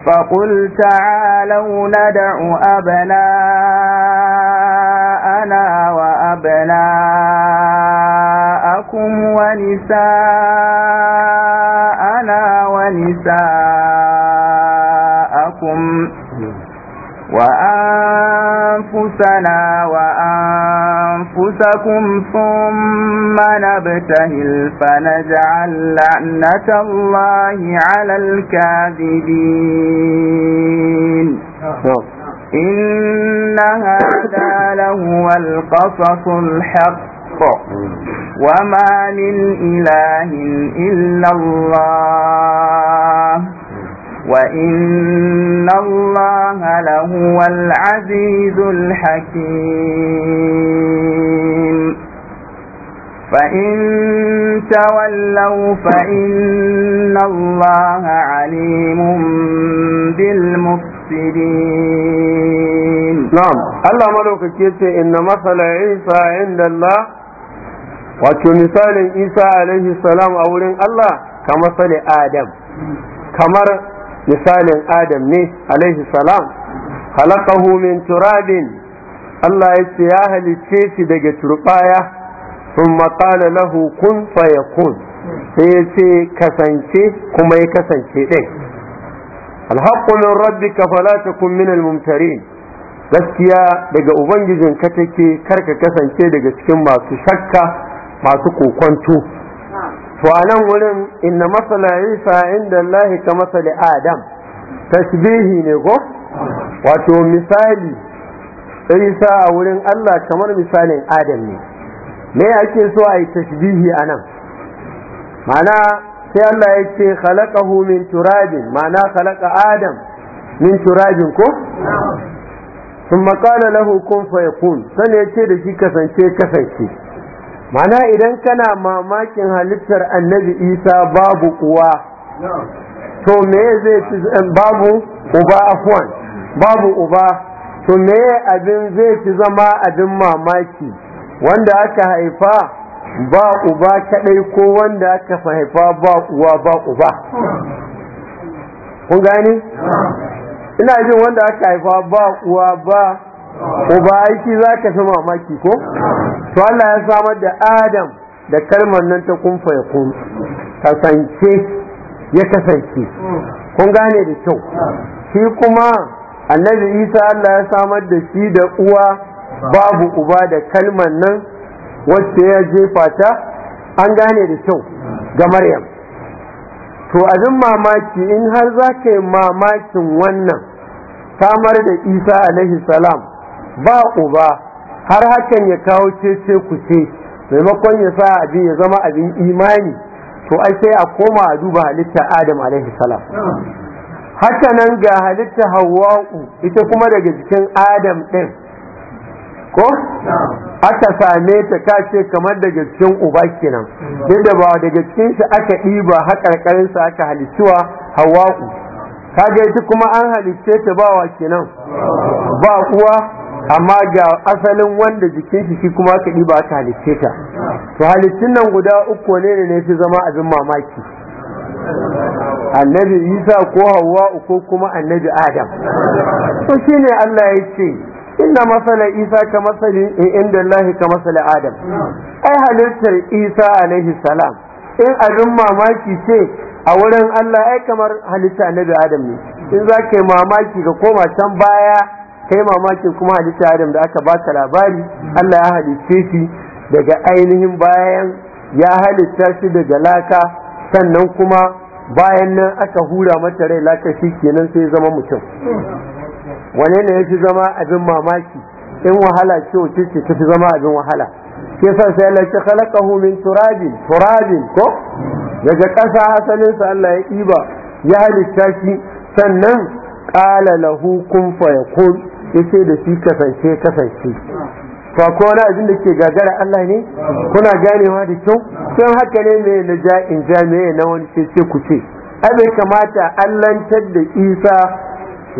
فقل تعالوا ندع أبناءنا وأبناءكم ونساءنا ونساءكم وأنفسنا وأنفسكم ثم نبتهل فنجعل لعنة الله على الكاذبين إن هذا لهو القصص الحق وما من إله إلا الله وإن الله لهو العزيز الحكيم فإن تولوا فإن الله عليم بالمفسدين نعم الله ملوك كيسي إن مثل عيسى عند الله wato misalin isa alaihi salam a wurin Allah kamar كمثل Adam kamar misalin adam ne alaihi salam halakahu min turabin Allah ya ce ya halicce shi daga turbaya sun matsala lahu kun sai ya ce kasance kuma ya kasance ɗin alhaƙu min ka falata takun min almumtarin gaskiya daga ubangijin ka take karka kasance daga cikin masu shakka masu kokonto to a wurin inna masala isa inda Allah ka masali adam tasbihi ne ko wato misali isa a wurin Allah kamar misalin adam ne me ake so a yi tasbihi a nan mana sai Allah ya ce khalaqahu min turabin mana khalaqa adam min turabin ko ثم قال له كن فيكون ya ce da shi kasance kasance mana idan kana mamakin halittar annabi isa babu uwa to me zai ci eh, babu uba afwan babu uba to me abin zai ci zama abin mamaki wanda aka haifa ba uba kadai ko wanda aka haifa ba uwa ba uba kun gani ina jin wanda aka haifa ba uwa ba uba aiki za ka fi mamaki ko to Allah ya samar da adam da kalmar nan ta kun ya kun kasance ya kasance kun gane da kyau shi kuma annabi isa Allah ya samar da shi da uwa babu uba da kalmar nan wacce ya jefa ta an gane da kyau ga maryam to abin mamaki in har za ka yi mamakin wannan samar da isa alaihi salam ba uba har hakan ya kawo cece kuce maimakon ya sa abin ya zama abin imani to ai sai a koma a duba halitta adam alaihi salam haka nan ga halitta hawa'u ita kuma daga jikin adam ɗin ko aka same ta kace kamar daga cikin uba kenan yadda ba daga cikin shi aka ɗiba haƙarƙarinsa aka halittuwa hawa'u kaga ita kuma an halicce ta bawa kenan ba uwa amma ga asalin wanda jikin shi kuma aka ɗiba aka halitce ta to halittun nan guda uku ne ne fi zama abin mamaki annabi isa ko hawa ko kuma annabi adam to shine allah ya ce inda masala isa ka masali eh, inda Allah ka masala adam ai halittar isa alaihi salam in abin mamaki ce a wurin allah ai kamar halitta annabi adam ne in za ka yi mamaki ga koma can baya kai mamakin kuma hadisi adam da aka baka labari Allah ya halicce shi daga ainihin bayan ya halitta shi daga laka sannan kuma bayan nan aka hura mata rai laka shi kenan sai zama mutum wane ne ya fi zama abin mamaki in wahala ce wace ce ta fi zama abin wahala ke sa sai Allah ya khalaqahu min turabin turabin ko daga ƙasa asalin sa Allah ya iba ya halitta shi sannan qala lahu kun fayakun yace da shi kasance kasance fa ko wani abin da ke gagara Allah ne kuna ganewa da kyau Sai haka ne mai na ja in ja na wani ce ce ku ce ai kamata kamata allantar da isa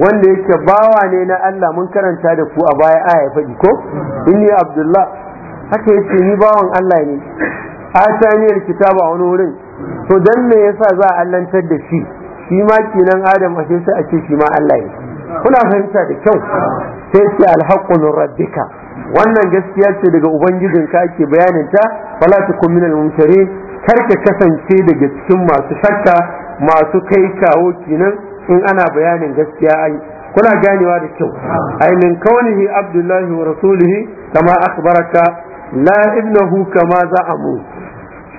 wanda yake bawa ne na Allah mun karanta da ku a baya aya faɗi ko inni abdullah haka yace ni bawan Allah ne a taniyar kitaba wani wurin to dan me yasa za a allantar da shi shi ma kenan adam ashe sai a ce shi ma Allah ne kuna fahimta da kyau sai ce alhaqqu min rabbika wannan gaskiya ce daga ka ake bayanin ta fala takun min al-mumtarin kar ka kasance daga cikin masu shakka masu kai kawo kinan in ana bayanin gaskiya ai kuna ganewa da kyau ai min kaunihi abdullahi wa rasulihi kama akhbaraka la ibnahu kama za'amu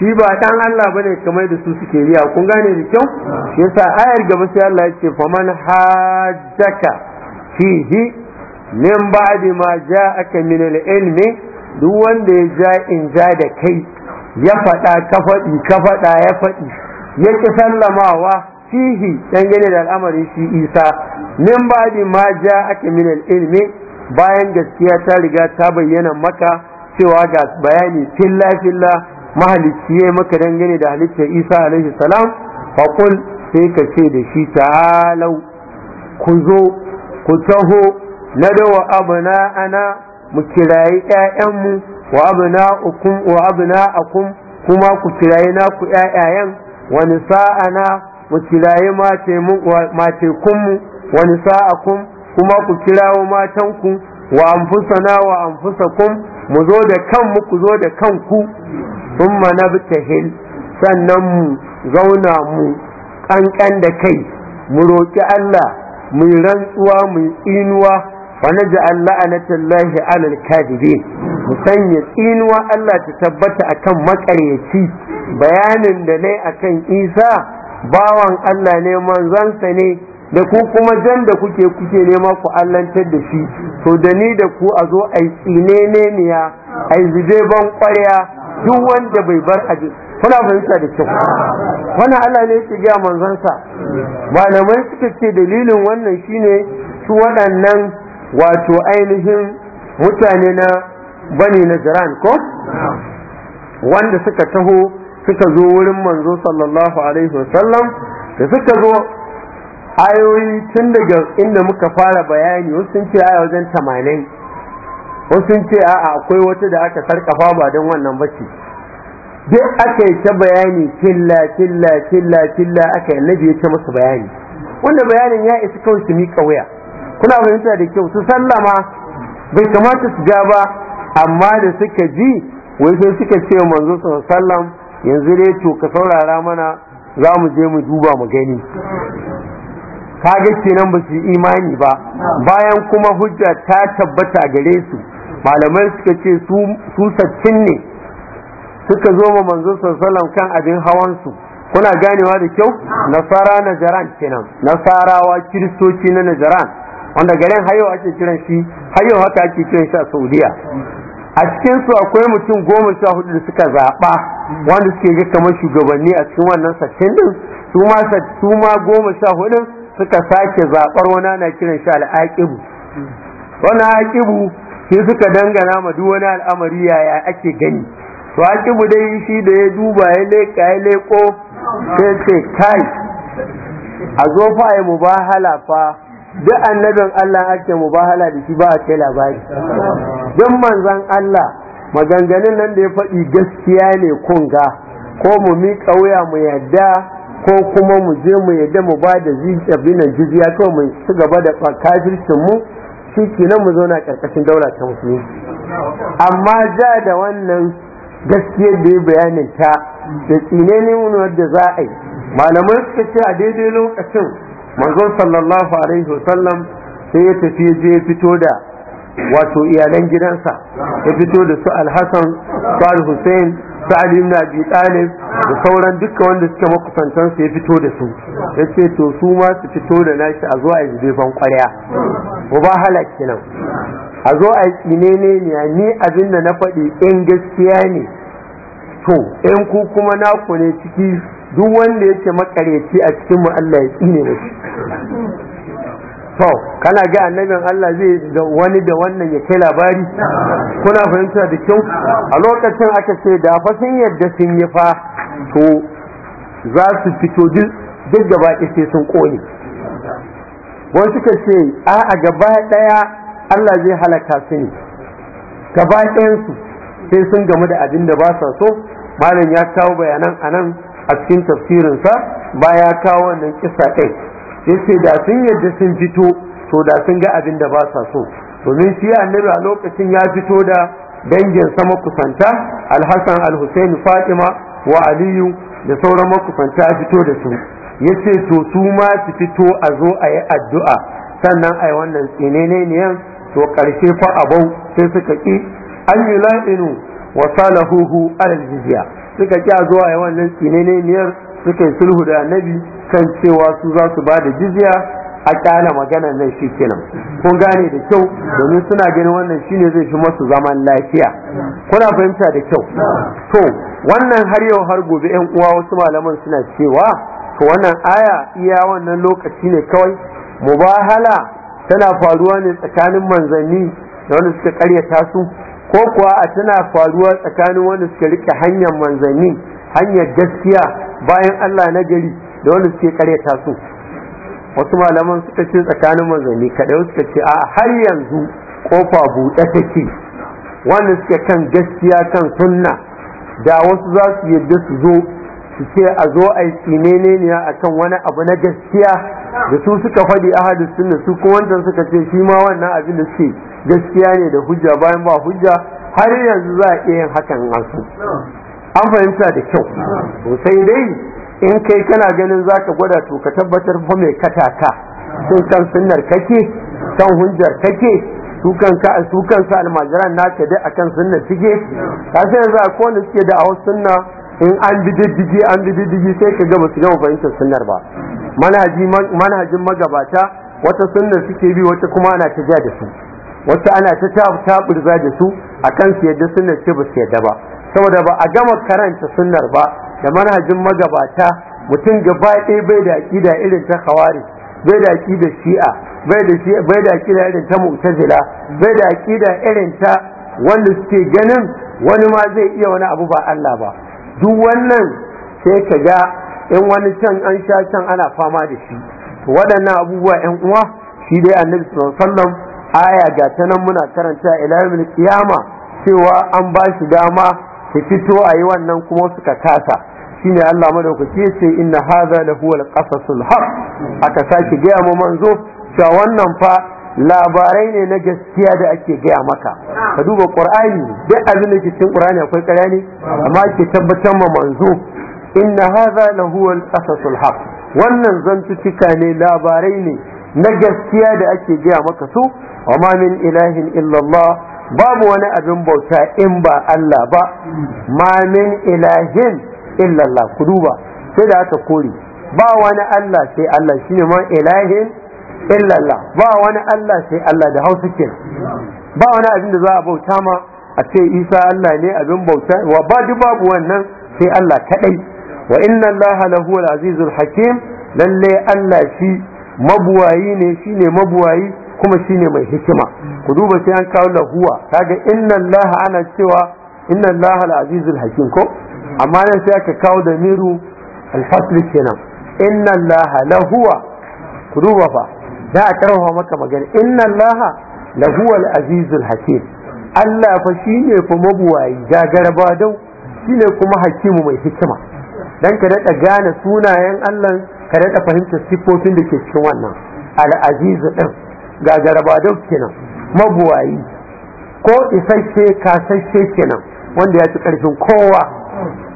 shi ba ɗan Allah bane kamar da su suke riya kun gane da kyau ah. yasa ayar gaba sai Allah ya ce faman hajjaka fihi min ba'di ma ja'aka min al-ilmi duk wanda ya ja in ja da kai ya faɗa ka faɗi ka faɗa ya faɗi ya ki sallamawa fihi gane da al'amari shi Isa min ba'di ma ja'aka min al-ilmi bayan gaskiya ta riga ta bayyana maka cewa ga bayani filla filla mahalicci ya maka dangane da halittar isa alaihi salam faƙul sai ka ce da shi ta'alau ku zo ku taho na dawa wa ana mu kirayi ƴaƴanmu wa abana ukum wa abana akum kuma ku kirayi naku ƴaƴayen wa nisa'ana mu kirayi mace mu mace kunmu wa nisa'akum kuma ku kirawo matanku wa anfusana wa anfusakum mu zo da kanmu ku zo da kanku thumma nabtahil sannan mu zauna mu kankan da kai mu roƙi Allah mu rantsuwa mu tsinuwa Allah a natallahi 'alal kadibin mu sanya tsinuwa Allah ta tabbata akan makaryaci bayanin da nayi akan Isa bawan Allah ne manzansa ne da ku kuma jan da kuke kuke nema ku allantar da shi to da ni da ku a zo a yi tsine ne ya, a yi zube ban kwarya duk wanda bai bar aji kuna fahimta da kyau wannan Allah ne yake gaya manzansa malamai suka ce dalilin wannan shine su waɗannan wato ainihin mutane na bani jiran. ko wanda suka taho suka zo wurin manzo sallallahu alaihi wasallam da suka zo ayoyi tun daga inda muka fara bayani wasu sun ce aya wajen tamanin Ko sun ce a'a akwai wata da aka sarkafa ba don wannan ce, duk aka yi ta bayani killa killa killa killa aka yi annabi ya ce musu bayani wanda bayanin ya isa kawai su mika wuya kuna fahimta da kyau su sallama bai kamata su ga ba amma da suka ji wai sai suka ce manzo sallam yanzu dai to ka saurara mana za mu je mu duba mu gani kaga kenan ba su imani ba bayan kuma hujja ta tabbata gare su malamai suka ce su sattin ne suka zo ma manzo sallallahu kan abin hawan su, kuna ganewa da kyau nasara na jaran kenan nasarawa kiristoci na najaran wanda garin hayo ake kiran shi hayo haka ake kiran shi a saudiya a cikin su akwai mutum goma sha hudu da suka zaɓa wanda suke ga kamar shugabanni a cikin wannan sattin din su ma goma sha hudu suka sake zaɓar wani ana kiran shi al'aƙibu wani aƙibu shi suka dangana ma duk wani al'amari yaya ake gani to aƙibu dai shi da ya duba ya leƙa ya leƙo sai ce kai a zo fa ya mubahala fa duk annabin Allah ake mubahala da shi ba a kai labari duk manzon Allah maganganun nan da ya faɗi gaskiya ne kunga ko mu miƙa wuya mu yadda ko kuma mu je mu yadda mu ba da abinan jizya kawai mu ci gaba da kafircin mu shi kenan mu zauna karkashin daula ta musulunci amma ja da wannan gaskiyar da ya bayanin ta da tsine ne wadda za a yi malamai suka ce a daidai lokacin manzon sallallahu alaihi wasallam sai ya tafi je fito da wato iyalan gidansa ya fito da su alhassan su hussein su ibn abi talib da sauran dukkan wanda suke makusantan su ya fito da su ya ce to su ma su fito da nashi a zo a yi zefan kwarya ba ba halaki nan a zo a yi ne ne ni abin da na faɗi in gaskiya ne to in ku kuma naku ne ciki duk wanda yake makareci a cikin mu Allah ya tsine shi. to kana ga annabin Allah zai da wani da wannan ya kai labari kuna fahimta da kyau a lokacin aka ce da fa sun yadda sun yi fa to za su fito duk gaba sai sun kone wasu suka ce a a gaba daya Allah zai halaka su ne gaba su sai sun gamu da abin da ba sa so malam ya kawo bayanan anan a cikin tafsirinsa ba ya kawo wannan kisa ɗaya. yace da sun yadda sun fito to da sun ga abin da ba sa so domin shi annabi a lokacin ya fito da dangin sa makusanta alhassan alhussein fatima wa aliyu da sauran makusanta fito da su yace to su ma su fito a zo a yi addu'a sannan a yi wannan tsinene yan to karshe fa abau sai suka ki an yi la'inu wa salahuhu alal jizya suka ki a zo a yi wannan tsinene yan suka yi sulhu da annabi kan cewa su za su ba da jizya a kyana magana nan shi kenan kun gane da kyau domin suna ganin wannan shine zai fi masu zaman lafiya kuna fahimta da kyau to wannan har yau har gobe yan uwa wasu malaman suna cewa to wannan aya iya wannan lokaci ne kawai mubahala tana faruwa ne tsakanin manzanni da wanda suka karyata su ko kuwa a tana faruwa tsakanin wanda suka rike hanyar manzanni hanyar gaskiya bayan Allah na gari da wanda suke ta su wasu malaman suka ce tsakanin manzanni kaɗai suka ce a har yanzu kofa buɗe take wanda suke kan gaskiya kan sunna da wasu za su yadda su zo su ce a zo a yi a kan wani abu na gaskiya da su suka faɗi ahadu sunna su ko wancan suka ce shi ma wannan abin da suke gaskiya ne da hujja bayan ba hujja har yanzu za a iya yin hakan an an fahimta da kyau to sai dai in kai kana ganin za ka gwada to ka tabbatar fa mai kataka sun kan sunnar kake kan hujjar kake su kanka al almajiran naka dai akan sunnar suke ka sai yanzu a kowane suke da a sunna in an bi an bi sai ka ga basu gama fahimtar sunnar ba manhajin magabata wata sunnar suke bi wata kuma ana ta ja da su wata ana ta taburza da su akan su yadda sunnar ce ba su yadda ba saboda ba a gama karanta sunnar ba da manhajin magabata mutum gaba ɗaya bai da aƙida irin ta kawari bai da aƙida shi'a bai da aƙida irin ta mu'tazila bai da aƙida irin ta wanda suke ganin wani ma zai iya wani abu ba Allah ba duk wannan sai ka ga in wani can an sha can ana fama da shi waɗannan abubuwa 'yan uwa shi dai annabi sallallahu aya ga ta nan muna karanta ila yawmil qiyama cewa an ba shi dama ta fito a yi wannan kuma suka kasa shine Allah madaukaki ya ce inna hadha la huwa al-qasasul haq aka sake gaya mu manzo cewa wannan fa labarai ne na gaskiya da ake gaya maka ka duba qur'ani duk abin da cikin qur'ani akwai ƙarya ne amma ke tabbatar ma manzo inna hadha la huwa al-qasasul haq wannan zantuttuka ne labarai ne na gaskiya da ake gaya maka su wa ma min ilahin illallah babu wani abin bauta in ba Allah ba ma min ilahin illallah ku duba sai da aka kore ba wani Allah sai Allah shine ma ilahin illallah ba wani Allah sai Allah da hausa ke ba wani abin da za a bauta ma a ce Isa Allah ne abin bauta wa ba duk babu wannan sai Allah kadai wa inna Allah lahu al-azizul hakim lalle Allah shi mabuwayi ne shine mabuwayi kuma shine mai hikima ku duba sai an kawo lahuwa kaga inna Allah ana cewa inna Allah al-azizul hakim ko amma nan sai aka kawo da miru alfasli kenan inna allaha lahuwa ku kuduba fa za a karfafa maka magana inna allaha lahuwa al-azizul hakim Allah fa shine fa mabuwayi gagaraba dau shine kuma hakimu mai hikima dan ka daɗa gane sunayen Allah ka daɗa fahimtar sifofin da ke cikin wannan al'azizu ɗin ga kenan mabuwayi ko isasshe kasasshe kenan wanda ya ci ƙarfin kowa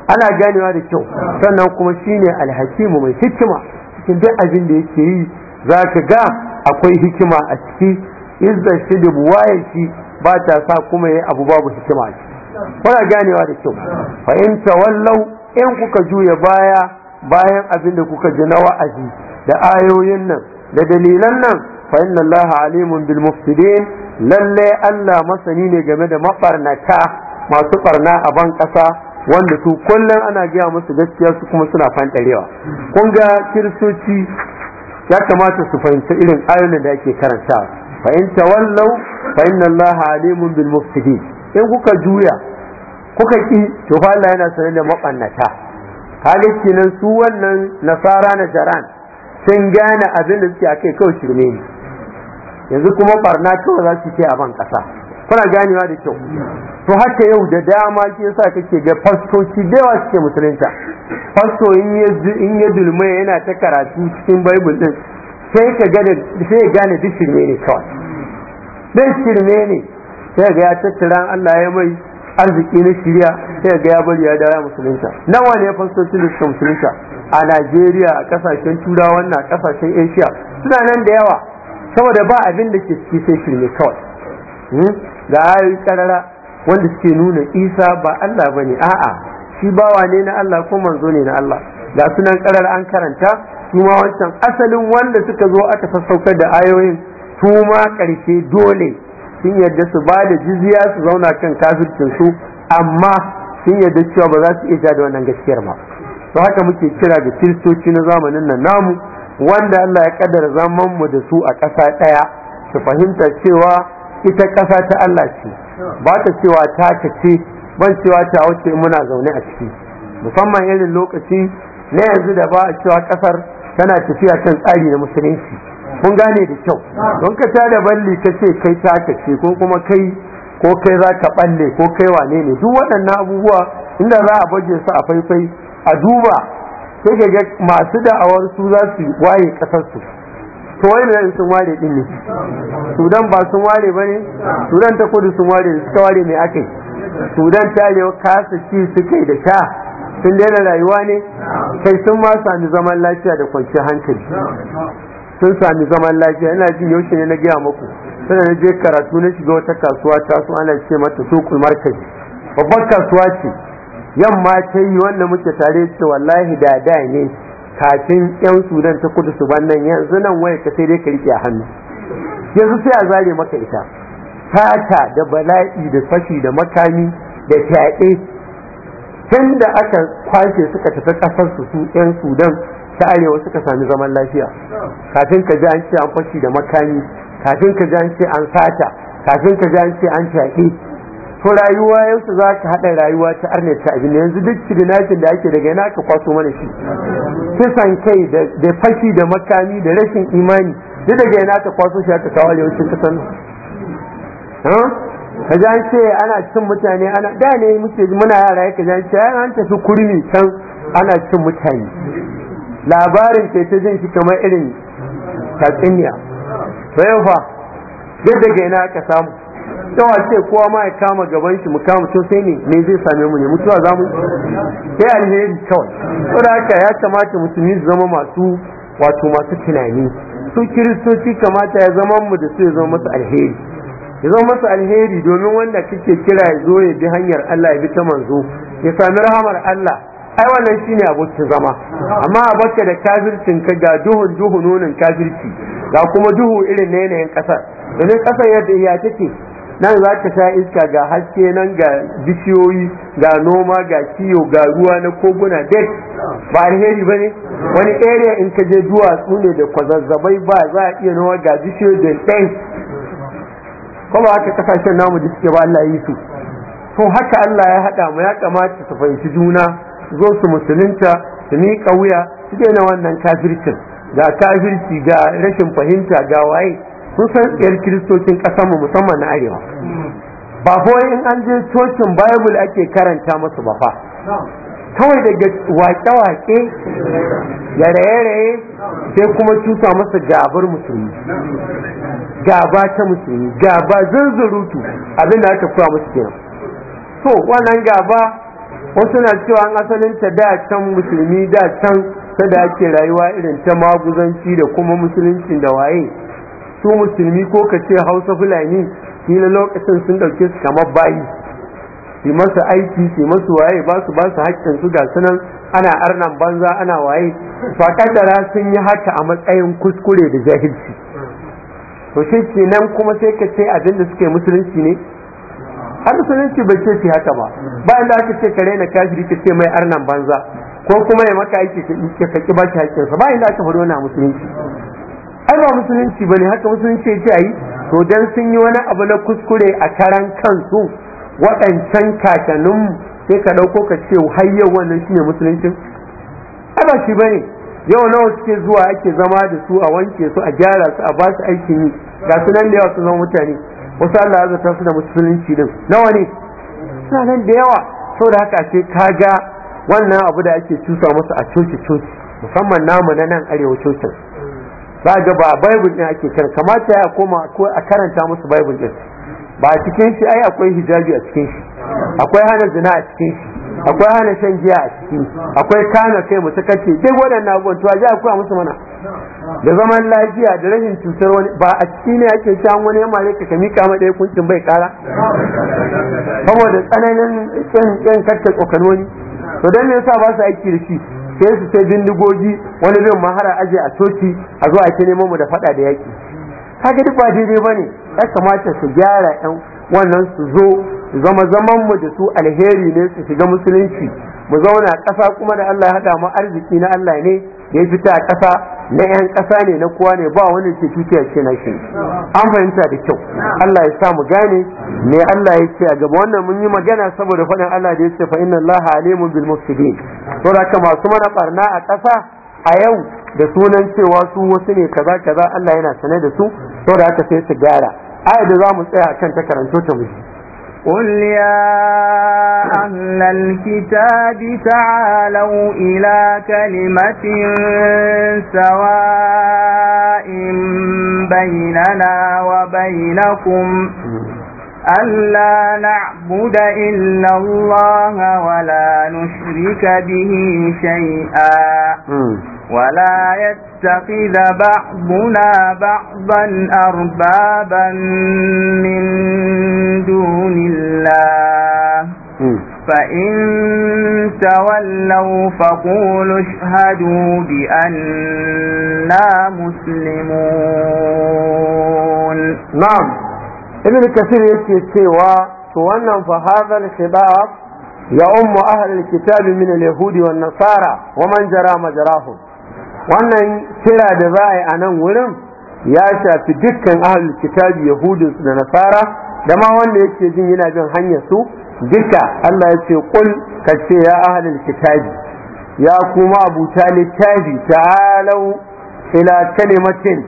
ana ganewa da kyau sannan kuma shine alhakimu mai hikima cikin duk abin da yake yi za ka ga akwai hikima a ciki izda shi da buwaye shi ba ta sa kuma yi abu babu hikima a ciki kuna ganewa da kyau fahimta in in kuka juya baya bayan abin da kuka ji na wa'azi da ayoyin nan da dalilan nan fa inna allaha alimun bil lalle Allah masani ne game da mabarnata masu barna a ban ƙasa. wanda su kullum ana gaya musu gaskiya su kuma suna fantarewa kun ga kiristoci ya kamata su fahimci irin ayoyin da ake karanta fa in tawallau fa inna allaha alimun bil mufsidin in kuka juya kuka ki to fa Allah yana sanar da mabannata kaga kenan su wannan nasara na jaran sun gane abin da suke akai kawai shirme ne yanzu kuma barna kawai za su ce a ban kasa kuna ganewa da kyau to haka yau da dama ke sa kake ga fastoci da yawa suke musulunta fasto in ya dulma yana ta karatu cikin bible din sai ka gane sai gane duk shirme ne kawai dan shirme ne sai ga ya tattara Allah ya mai arziki na shirya sai ga ya bari ya dara musulunta nawa ne fastocin da suka musulunta a Najeriya a kasashen turawan na kasashen Asia suna nan da yawa saboda ba abin da ke ciki sai shirme kawai hmm? ga ayoyi karara wanda suke nuna isa ba Allah bane a'a shi bawa ne na Allah ko manzo ne na Allah ga sunan karara an karanta su ma wancan asalin wanda suka zo aka sassaukar da ayoyin su ma karshe dole sun yarda su ba da jizya su zauna kan kafircin su amma sun yarda cewa ba za su iya da wannan gaskiyar ba to haka muke kira ga kiristoci na zamanin nan namu wanda Allah ya kaddara zaman mu da su a ƙasa ɗaya su fahimta cewa ita ƙasa ta Allah ce ba ta cewa ta ta ce ban cewa ta wace muna zaune a ciki musamman irin lokaci na yanzu da ba a cewa ƙasar tana tafiya kan tsari na musulunci kun gane da kyau don ka ta da balli ka ce kai ta ka ce ko kuma kai ko kai za ka balle ko kai wane ne duk waɗannan abubuwa inda za a baje su a faifai a duba sai ga masu da'awar su za su waye ƙasarsu to wani nan sun ware din ne sudan ba sun ware ba ne sudan ta kudu sun ware da suka ware mai akai sudan ta arewa kasa ci suka da sha sun daina rayuwa ne kai sun ma sami zaman lafiya da kwanciyar hankali sun sami zaman lafiya ina jin yaushe ne na gaya muku sai na je karatu na shiga wata kasuwa ta su ana ce mata sukul markazi babbar kasuwa ce yamma ta yi wanda muke tare ce wallahi da da ne kafin yan sudan ta kudu su bannan yanzu nan waya ka sai dai ka rike a hannu yanzu sai a zare maka ita fata da bala'i da fashi da makami da fyaɗe tun da aka kwashe suka tafi ƙasar su su yan sudan ta arewa suka sami zaman lafiya kafin ka ji an ce an fashi da makami kafin ka ji an ce an sata kafin ka ji an ce an fyaɗe to rayuwa yaushe za ka haɗa rayuwa ta arne ta abin yanzu duk shiginakin da ake daga yana ka kwaso mana shi kisan kai da fashi da makami da rashin imani duk daga yana ka kwaso shi aka kawo yawancin kasan ka ji an ce ana cin mutane ana da ne muke muna yara ya ka ji an ce an tafi kurmi can ana cin mutane labarin ke ta jin shi kamar irin tatsuniya to yau fa duk daga yana aka samu yawa ce kowa ma ya kama gaban shi mu kama to sai ne me zai same mu ne mutuwa zamu sai alheri kawai saboda haka ya kamata mutum su zama masu wato masu tunani su kiristoci kamata ya zama mu da su ya zama masu alheri ya zama masu alheri domin wanda kake kira ya zo ya bi hanyar Allah ya bi ta manzo ya sami rahamar Allah ai wannan shine abokin zama amma a da kafircin ka ga duhun duhu nonin kafirci ga kuma duhu irin na yanayin kasar domin kasar yadda ya take nan za ka sha iska ga haske nan ga bishiyoyi ga noma ga kiyo ga ruwa na koguna dai ba alheri ba ne wani area in ka je duwatsu ne da kwazazzabai ba za a iya noma ga bishiyoyi da ɗan kuma haka kasashen namu da suke ba Allah yi su to haka Allah ya haɗa mu ya kamata su fahimci juna zo su musulunta su miƙa wuya su daina wannan kafircin ga kafirci ga rashin fahimta ga waye sun san yan kiristocin ƙasarmu musamman na arewa ba kawai in an je cocin bible ake karanta masu ba fa kawai daga wake-wake ya raye-raye sai kuma cuta masa gabar musulmi gaba ta musulmi gaba zunzurutu abin da aka kura musu kenan so wannan gaba wasu na cewa an asalin ta da can musulmi da can sada ake rayuwa irin ta maguzanci da kuma musulunci da waye su musulmi ko ka ce hausa fulani kila lokacin sun ɗauke su kamar bayi su masu aiki su masu waye ba su ba su haƙƙin su ga sunan ana arnan banza ana waye fakatara sun yi haka a matsayin kuskure da jahilci to shi kenan kuma sai ka ce abin da suke musulunci ne har musulunci bai ce shi haka ba bayan da aka ce ka raina kafiri ka ce mai arnan banza ko kuma ya maka aiki ka ki ba shi haƙƙinsa bayan da aka faɗo na musulunci ai ba musulunci bane haka musulunci ya ce ayi to dan sun yi wani abu na kuskure a karan kansu waɗancan kakannin sai ka ɗauko ka ce har yau wannan shine musuluncin ai ba shi bane yau nawa suke zuwa ake zama da su a wanke su a gyara su a ba su aikin yi ga su nan da yawa su zama mutane wasu Allah ya zata su da musulunci din nawa ne suna nan da yawa saboda haka ce ga wannan abu da ake cusa musu a coci coci musamman namu na nan arewa cocin ga ba bible din ake kan kamata ya koma ko a karanta musu bible din ba a cikin shi ai akwai hijabi a cikin shi akwai hana zina a cikin shi akwai hana shan giya a cikin akwai kana kai mu sakace dai waɗannan abubuwan to a ji akwai musu mana da zaman lafiya da rashin cutar wani ba a ciki ne ake shan wani ya mare ka ka mika ma ɗaya kuncin bai kara saboda tsananin kyan kakka tsokan to don me yasa ba su aiki da shi sai su sai bindigogi wani zai mahara aje a coci a zo a kene neman mu da fada da yaki kaga duk ba daidai bane ya kamata su gyara yan wannan su zo zama zaman mu da su alheri ne su shiga musulunci mu zauna ƙasa kuma da Allah ya haɗa mu arziki na Allah ne da ya fita a ƙasa na 'yan ƙasa ne na kuwa ne ba wani ke tukiya ce na shi an fahimta da kyau Allah ya sa mu gane ne Allah ya ce a gaba wannan mun yi magana saboda faɗin Allah da ya ce fa inna Allah alimun bil mufsidin da aka masu mana barna a ƙasa a yau da sunan cewa su wasu ne kaza kaza Allah yana sane da su da aka sai su gara aya za mu tsaya akan ta karanto ta mu قل يا أهل الكتاب تعالوا إلى كلمة سواء بيننا وبينكم ألا نعبد إلا الله ولا نشرك به شيئا ولا يتخذ بعضنا بعضا أربابا من دون الله فإن تولوا فقولوا اشهدوا بأننا مسلمون نعم ibn kasir yake cewa to wannan fa hadhal khidab ya ummu ahli alkitabi min alyahudi wan nasara wa man jara majrahum wannan kira da za a yi a nan wurin ya shafi dukkan ahli kitabi yahudi da nasara da ma wanda yake jin yana bin hanyar su duka Allah ya ce kul ka ce ya ahli kitabi. ya kuma abuta littafi ta'alau ila kalimatin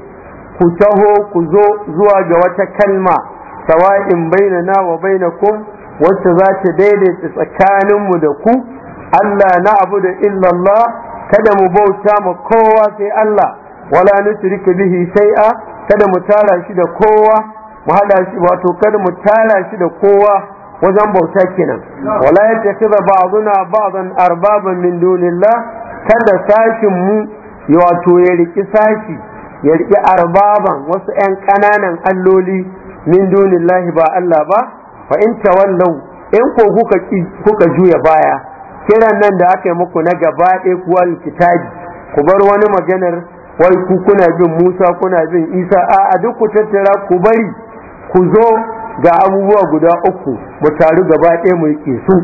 ku taho ku zo zuwa ga wata kalma sawa'in nawa wa kum wacce za ta daidaita tsakaninmu da ku Allah na abu da illallah kada mu bauta ma kowa sai Allah wala nusrika bihi shay'a kada mu tara shi da kowa mu hada shi wato kada mu tara shi da kowa wajen bauta kenan wala yattakhidha ba'duna ba'dan arbaban min dunillah kada sashin mu wato ya riki sashi ya riki arbaban wasu 'yan ƙananan alloli min dunillahi ba Allah ba fa in tawallu in ko kuka kuka juya baya kiran nan da aka yi muku na gaba ɗaya kuwa kitabi ku bar wani maganar wai ku kuna bin Musa kuna bin Isa a duk ku tattara ku bari ku zo ga abubuwa guda uku mu taru gaba ɗaya mu yi su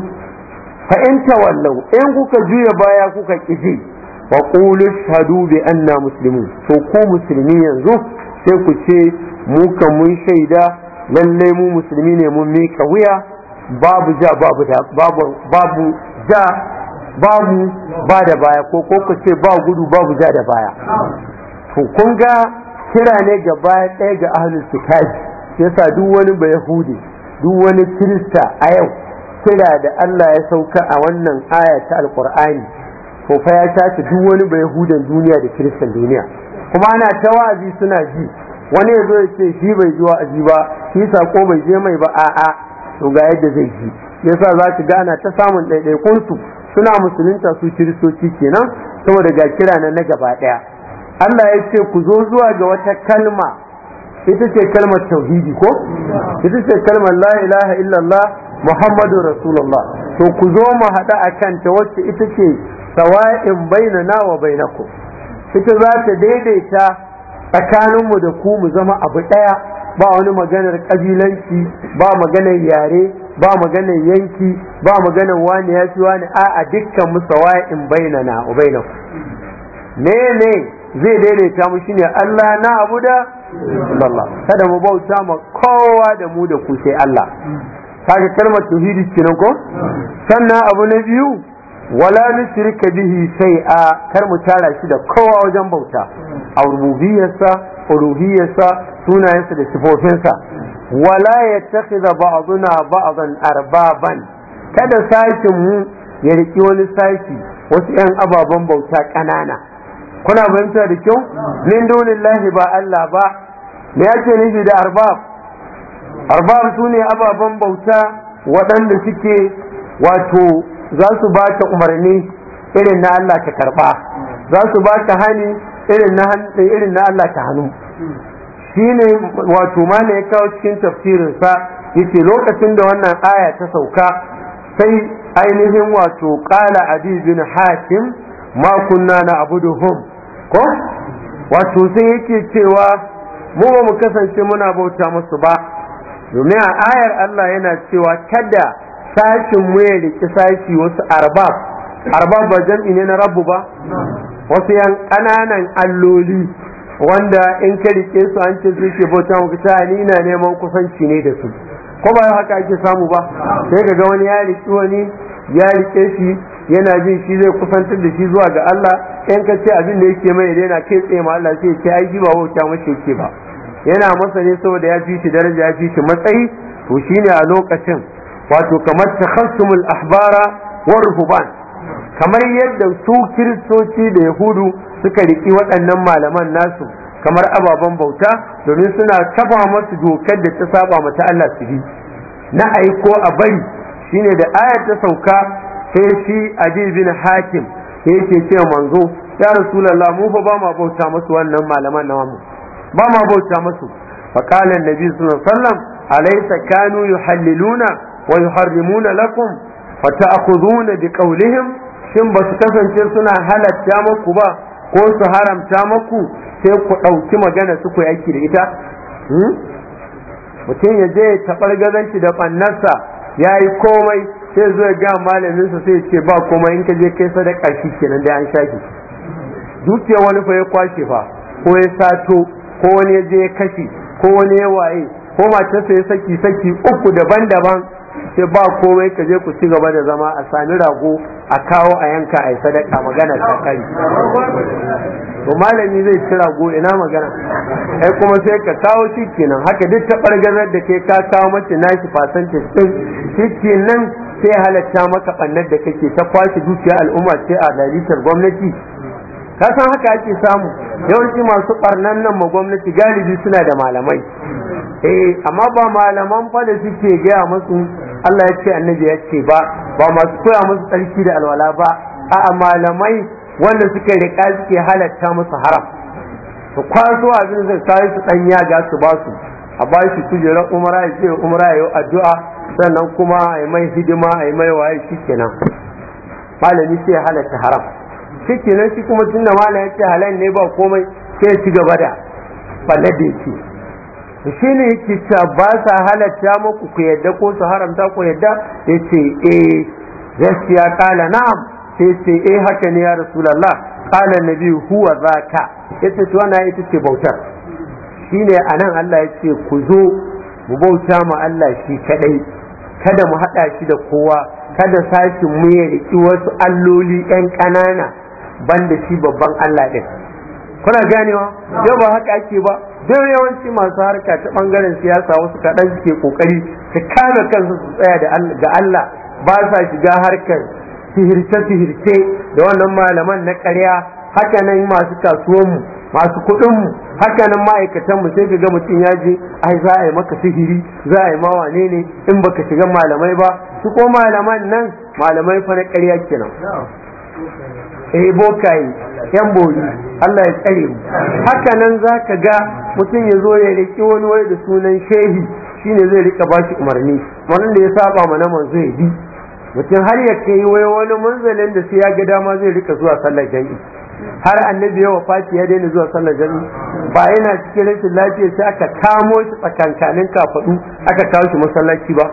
fa in tawallu in kuka juya baya kuka ki wa qulu shahadu bi anna muslimun to ku musulmi yanzu sai ku ce mu kan mun shaida lallai mu musulmi ne mun mika wuya babu ja babu da babu babu ja babu ba da baya ko ko ku ce ba gudu babu ja da baya to kun ga kira ne ga baya ɗaya ga ahlul kitabi yasa duk wani ba yahudi duk wani kirista a yau kira da Allah ya sauka a wannan aya ta alqur'ani ko fa ya tace duk wani ba yahudan duniya da kiristan duniya kuma ana ta wa'azi suna ji wani ya zo ya ce shi bai ji wa'azi ba shi sako bai je mai ba a'a to ga yadda zai ji yasa za ki gana ta samun ɗaiɗaikunsu suna musulunta su kiristoci kenan saboda ga kira na na gaba ɗaya Allah ya ce ku zo zuwa ga wata kalma ita ce kalmar tauhidi ko ita ce kalmar la ilaha illallah muhammadu rasulullah to ku zo mu haɗa a kanta wacce ita ce sawa'in bainana wa bainakum ita za ta daidaita tsakaninmu da ku mu zama abu ɗaya ba wani maganar ƙabilanci ba maganar yare ba maganar yanki ba maganar wani ya fi wani a a dukkan baina na, bainana ku ne ne zai daidaita mu shine Allah na abu da Allah kada mu bauta ma kowa da mu da ku sai Allah kaga kalmar tauhidi kenan ko sannan abu na biyu wala nushrika bihi a kar mu tara shi da kowa wajen bauta a rububiyarsa uluhiyarsa sunayensa da sifofinsa wala ya yattakhidha ba'duna ba'dan arbaban kada sashin mu ya riki wani sashi wasu yan ababen bauta kanana kuna fahimta da kyau min dunillahi ba Allah ba me yake nufi da arbab arbab sune ababen bauta waɗanda suke wato za su ba ta umarni irin na Allah ta karba za su ba ta hani irin na Allah ta hannu Shi ne wato mala ya kawo cikin tafsirin sa yace lokacin da wannan aya ta sauka sai ainihin wato ƙala, abi bin hakim ma kunna na abuduhum ko wato sai yake cewa mu ba mu kasance muna bauta musu ba domin a ayar Allah yana cewa kada sashin mu ya riki sashi wasu arbab arbab ba jam'i ne na rabu ba wasu yan ƙananan alloli wanda in ka rike su an ce suke bauta muku ta ni na neman kusanci ne da su ko ba haka ake samu ba sai ga wani ya rike wani ya rike shi yana jin shi zai kusantar da shi zuwa ga Allah in ka ce abin da yake mai yana kai tsaye ma Allah sai ce ai ba wauta mace yake ba yana masa ne saboda ya fi shi daraja ya fi shi matsayi to shine a lokacin wato kamar takhassumul ahbara wa ruhban kamar yadda su kiristoci da yahudu suka riki waɗannan malaman nasu kamar ababen bauta domin suna kafa masu dokar da ta saba mata Allah su bi na aiko a bari shine da ayar ta sauka sai shi adil bin hakim yake ce manzo ya rasulullah mu fa ba ma bauta masu wannan malaman na mu ba ma bauta masu فقال النبي صلى sallallahu alaihi wasallam alaysa kanu yuhalliluna wa yuharrimuna lakum fa ta'khuduna bi qawlihim shin ba su kasance suna halarta maku ba ko su haramta maku, sai ku ɗauki magana su ku yaki da ita hmm? mutum ya je taɓar gazanci da ɓannarsa ya yi komai sai zo ya ga malaminsa sai ce ba komai in ka je kai sadaka shi kenan da an shaki dukiyar wani fa ya kwashe fa ko ya sato ko wani ya je ya kashe ko wani ya waye ko matarsa ya saki saki uku daban-daban ce ba komai ka je ku ci gaba da zama a sami rago a kawo a yanka a yi sadaka magana ta kai to malami zai ci rago ina magana ai kuma sai ka kawo shi kenan haka duk ta bargazar da ke ka kawo mace nashi fasance din shi kenan sai halatta maka bannar da kake ta kwashe dukiya al'umma ce a dalilin gwamnati ka san haka ake samu yawanci masu barnan nan ma gwamnati galibi suna da malamai eh amma ba malaman fa da suke gaya masu. Allah ya ce annabi ya ce ba ba masu koya musu tsarki da alwala ba a'a malamai wanda suka riƙa suke halatta musu haram to kwaso abin zai sai su dan ga su ba su a ba shi kujerar umara ya ce umara ya yi addu'a sannan kuma a yi mai hidima a yi mai waye shikenan malami sai halatta haram shikenan shi kuma tunda malam ya ce halal ne ba komai sai ci gaba da falle da shi ne ki ba sa halatta muku ku yadda ko su haramta ku yadda ya ce eh gaskiya kala na'am sai ce eh haka ne ya rasulallah kala nabi huwa zaka ya ce to wannan ita ce bautar shi ne a nan Allah ya ce ku zo mu bauta ma Allah shi kadai kada mu haɗa shi da kowa kada sashin mu ya riki wasu alloli ƴan ƙanana banda shi babban Allah ɗin kuna ganewa yau ba haka ake ba duk yawanci masu harka ta bangaren siyasa wasu kaɗan suke kokari su kame kansu su tsaya ga Allah ba sa shiga harkar sihirce-sihirce da wannan malaman na ƙarya haka nan masu kasuwanmu masu kuɗinmu haka nan mu sai ka ga mutum ya je ai za a yi maka sihiri za a yi ma wane ne in baka shiga malamai ba su ko malaman nan malamai fa na ƙarya kenan eh bokaye yan boyi Allah ya tsare mu haka nan zaka ga mutum ya zo ya riki wani wai da sunan shehi shine zai rika bashi umarni wannan da ya saba ma na manzo ya bi mutum har ya kai wai wani manzalin da sai ya ga dama zai riƙa zuwa sallar jami'i har annabi ya wafati ya daina zuwa sallar jami'a. ba yana cikin rashin lafiya sai aka kamo shi tsakankanin kafadu aka kawo shi masallaci ba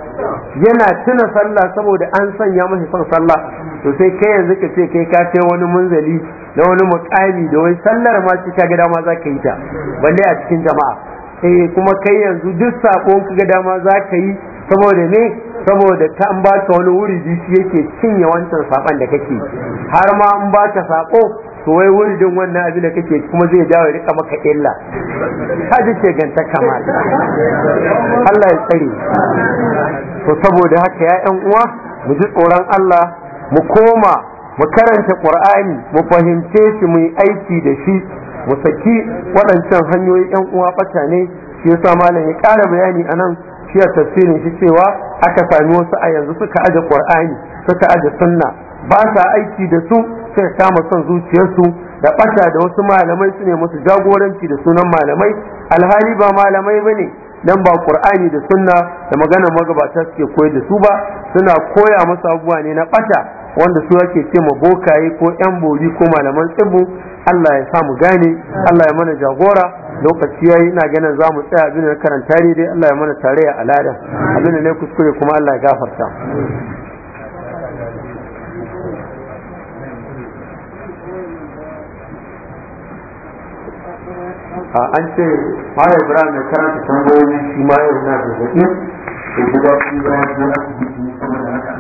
yana tuna sallah saboda an sanya masa son sallah to sai kai yanzu ka ce kai ka kai wani munzali na wani mukami da wai sallar ma shi ka ga dama za ka yi ta balle a cikin jama'a eh kuma kai yanzu duk sakon ka ga dama za ka yi saboda ne saboda ta an ka wani wuri shi yake cinye wancan sakon da kake har ma an ka sako to wai wuridin wannan abin da kake kuma zai dawo rika maka illa ka ji ce ganta kama Allah ya tsare to saboda haka ya yan uwa mu ji tsoron Allah mu koma mu karanta Qur'ani mu fahimce shi mu yi aiki da shi mu saki waɗancan hanyoyi yan uwa fata ne shi yasa malam ya ƙara bayani anan shi a tafsirin shi cewa aka sami wasu a yanzu suka aje Qur'ani suka aje sunna ba sa aiki da su sai kama son zuciyarsu da ɓata da wasu malamai su ne musu jagoranci da sunan malamai alhali ba malamai ba ne dan ba ƙur'ani da sunna da magana magabata suke koyar da su ba suna koya musu abubuwa ne na ɓata wanda su yake ce ma bokaye ko yan bori ko malaman tsibbu Allah ya mu gane Allah ya mana jagora lokaci yayi ina ganin za mu tsaya abin da karanta ne dai Allah ya mana tarayya a alada abin da ne kuskure kuma Allah ya gafarta an ce fara ibrahim na karanta tambayoyi shi ma yau na zazzaɓi da kuma kuma da